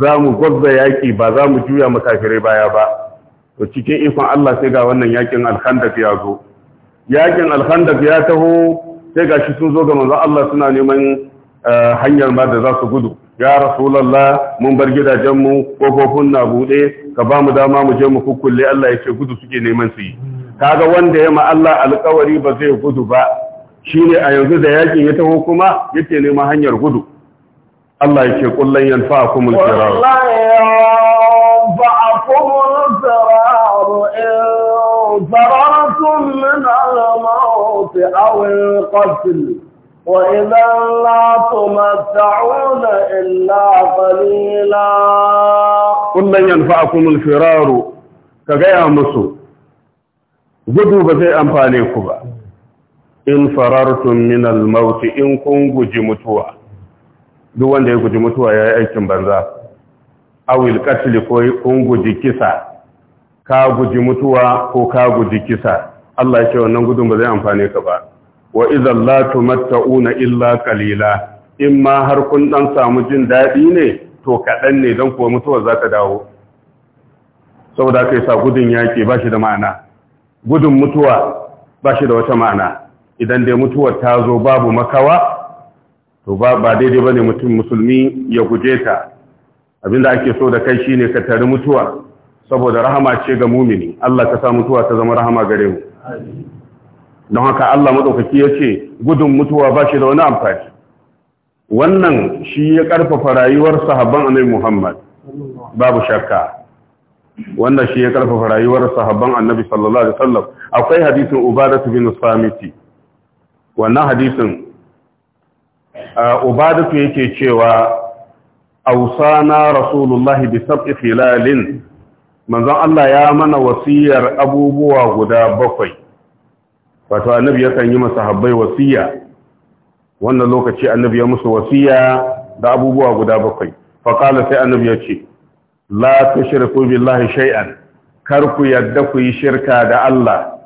za mu gwabza yaki ba za mu juya makafirai baya ba to cikin ikon Allah sai ga wannan yakin alhandaf ya zo Yaƙin alhandaf ya taho sai ga shi sun zo ga manzo Allah suna neman eh, hanyar ma da za su gudu ya rasulallah mun bar gidajenmu kofofin na buɗe ka ba mu dama mu je mu kukkulle Allah ya ce gudu suke neman su yi kaga wanda ya ma Allah alƙawari ba zai gudu ba shine a yanzu da yakin ya taho kuma yake neman hanyar gudu Allah ya ce yan yake kullan yanfa'akumul firar wallahi yanfa'akumul فررتم من الموت أو القتل وإذا لا تمتعون إلا قليلا قل لن ينفعكم الفرار كغير مسو gudu ba zai amfane ku ba in farartun min al in kun guji mutuwa duk wanda ya guji mutuwa yayi aikin banza awil qatl ko kun guji kisa ka guji mutuwa ko ka guji kisa Allah ya ce wannan gudun ba zai amfane ka ba wa idza la tumatta'una illa qalila in ma har kun dan samu jin dadi ne to kadan ne dan kuwa mutuwa za ta dawo saboda kai sa gudun yake ba shi da ma'ana gudun mutuwa ba shi da wata ma'ana idan dai mutuwar ta zo babu makawa to ba daidai ba ne mutum musulmi ya guje ta abinda ake so da kai shine ka tari mutuwa saboda rahama ce ga mumini Allah ka sa mutuwa ta zama rahama gare mu don haka Allah madaukaki ya ce gudun mutuwa ba shi da wani amfani wannan shi ya karfafa rayuwar sahabban annabi Muhammad babu shakka wannan shi ya karfafa rayuwar sahabban annabi sallallahu alaihi wasallam akwai hadisin ubadatu bin samiti wannan hadisin ubadatu yake cewa ausana rasulullahi bi sab'i filalin manzon Allah ya mana wasiyar abubuwa guda bakwai wato annabi yakan yi masahabbai wasiya wannan lokaci annabi ya musu wasiya da abubuwa guda bakwai qala sai annabi ya ce la tushriku billahi shay'an kar ku yadda ku yi shirka da Allah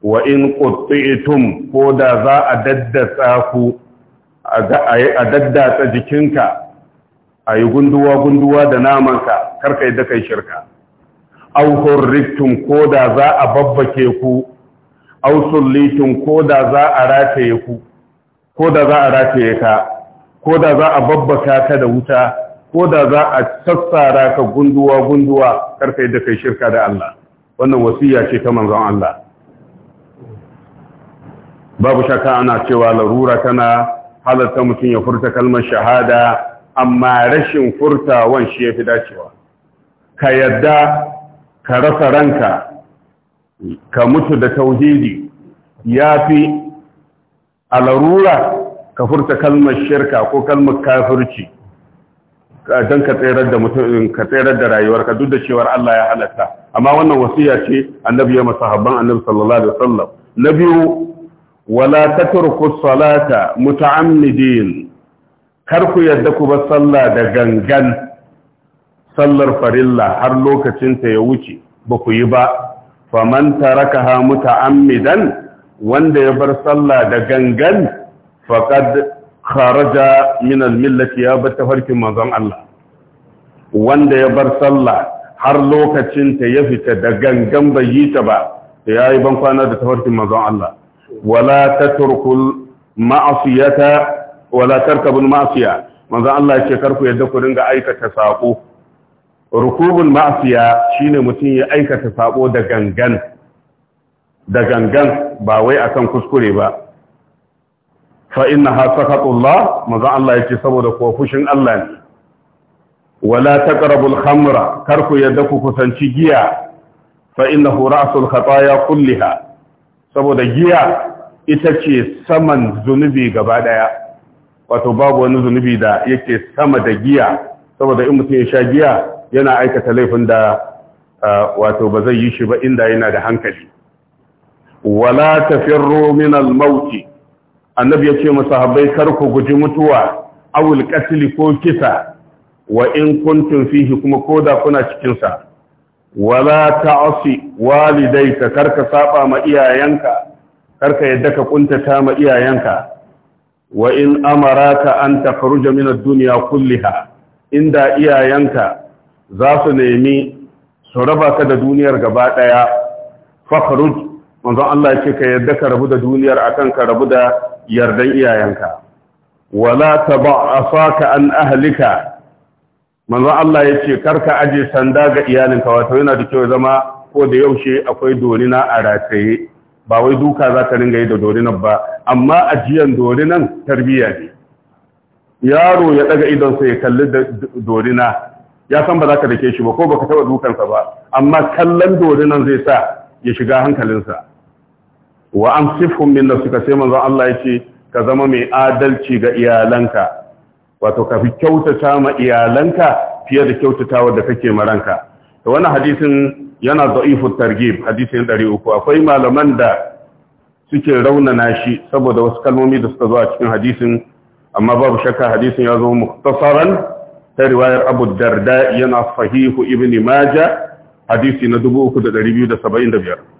wa in qutitum ko da za a daddatsa ku a daddatsa jikinka a yi gunduwa gunduwa da namanka kar ka da kai shirka aw hurritum ko da za a babbake ku aw sullitum ko da za a rataye ku ko da za a rataye ka ko da za a babbaka ka da wuta ko da za a sassara ka gunduwa gunduwa karfe da kai shirka da Allah wannan wasiya ce ta manzon Allah babu shakka ana cewa larura tana halarta mutum ya furta kalmar shahada amma rashin furta wanshi shi yafi dacewa ka yadda ka rasa ranka ka mutu da tauhidi yafi a larura ka furta kalmar shirka ko kalmar kafirci dan ka tsayar da mutum ka tsayar da rayuwarka duk da cewa Allah ya halatta amma wannan wasiya ce annabi ya masahabban annabi sallallahu alaihi wasallam na biyu wala tatruku salata muta'ammidin kar ku yadda ku ba sallah da gangan sallar farilla har lokacin ta ya wuce ba ku yi ba faman tarakaha muta'ammidan wanda ya bar sallah da gangan faqad kharaja min al-millati ya bar tafarkin manzon Allah wanda ya bar sallah har lokacin ta ya fita da gangan bai yi ta ba yayi ban kwana da tafarkin manzon Allah wala tatrukul ma'asiyata wala tarkabul manzon Allah ya ce karku yadda ku dinga aikata sako rukubul ma'asiya shine mutum ya aikata sako da gangan da gangan ba wai akan kuskure ba fa innaha sakatullah manzo Allah yake saboda ko fushin Allah ne wala taqrabul khamra kar ku yadda ku kusanci giya fa innahu ra'sul khataya ha. saboda giya ita ce saman zunubi gaba daya wato babu wani zunubi da yake sama da giya saboda in mutum ya sha giya yana aikata laifin da uh, wato ba zai yi shi ba inda yana da hankali wala tafirru min al annabi ya ce masahabbai kar ku guji mutuwa awul qatl ko kisa wa in kuntum fihi kuma koda kuna cikin sa wala ta'si walidayka karka saba ma iyayenka karka yadda ka kuntata ma iyayenka wa in amaraka an takhruja min ad-dunya kulliha inda iyayenka za su nemi su raba ka da duniyar gaba daya fakhruj manzon Allah ce ka yadda ka rabu da duniyar akan ka rabu da yardan iyayenka wala ka an ahlika manzo Allah yace karka aje sanda ga iyalinka wato yana da kyau zama ko da yaushe akwai dorina a rataye ba wai duka zaka ringa yi da dorinan ba amma ajiyan dorinan tarbiya ne yaro ya daga idon sa ya kalli dorina ya san ba zaka dake shi ba ko baka taba dukansa ba amma kallon dorinan zai sa ya shiga hankalinsa wa amsifhum min ka sai manzo Allah ya ce ka zama mai adalci ga iyalanka wato ka fi kyautata ma iyalanka fiye da kyautatawa da kake maranka to wannan hadisin yana da'ifu targhib hadisin 300 akwai malaman da suke raunana shi saboda wasu kalmomi da suka zo a cikin hadisin amma babu shakka hadisin ya zo muktasaran ta riwayar Abu Darda yana sahihu Ibn Majah hadisi na 3275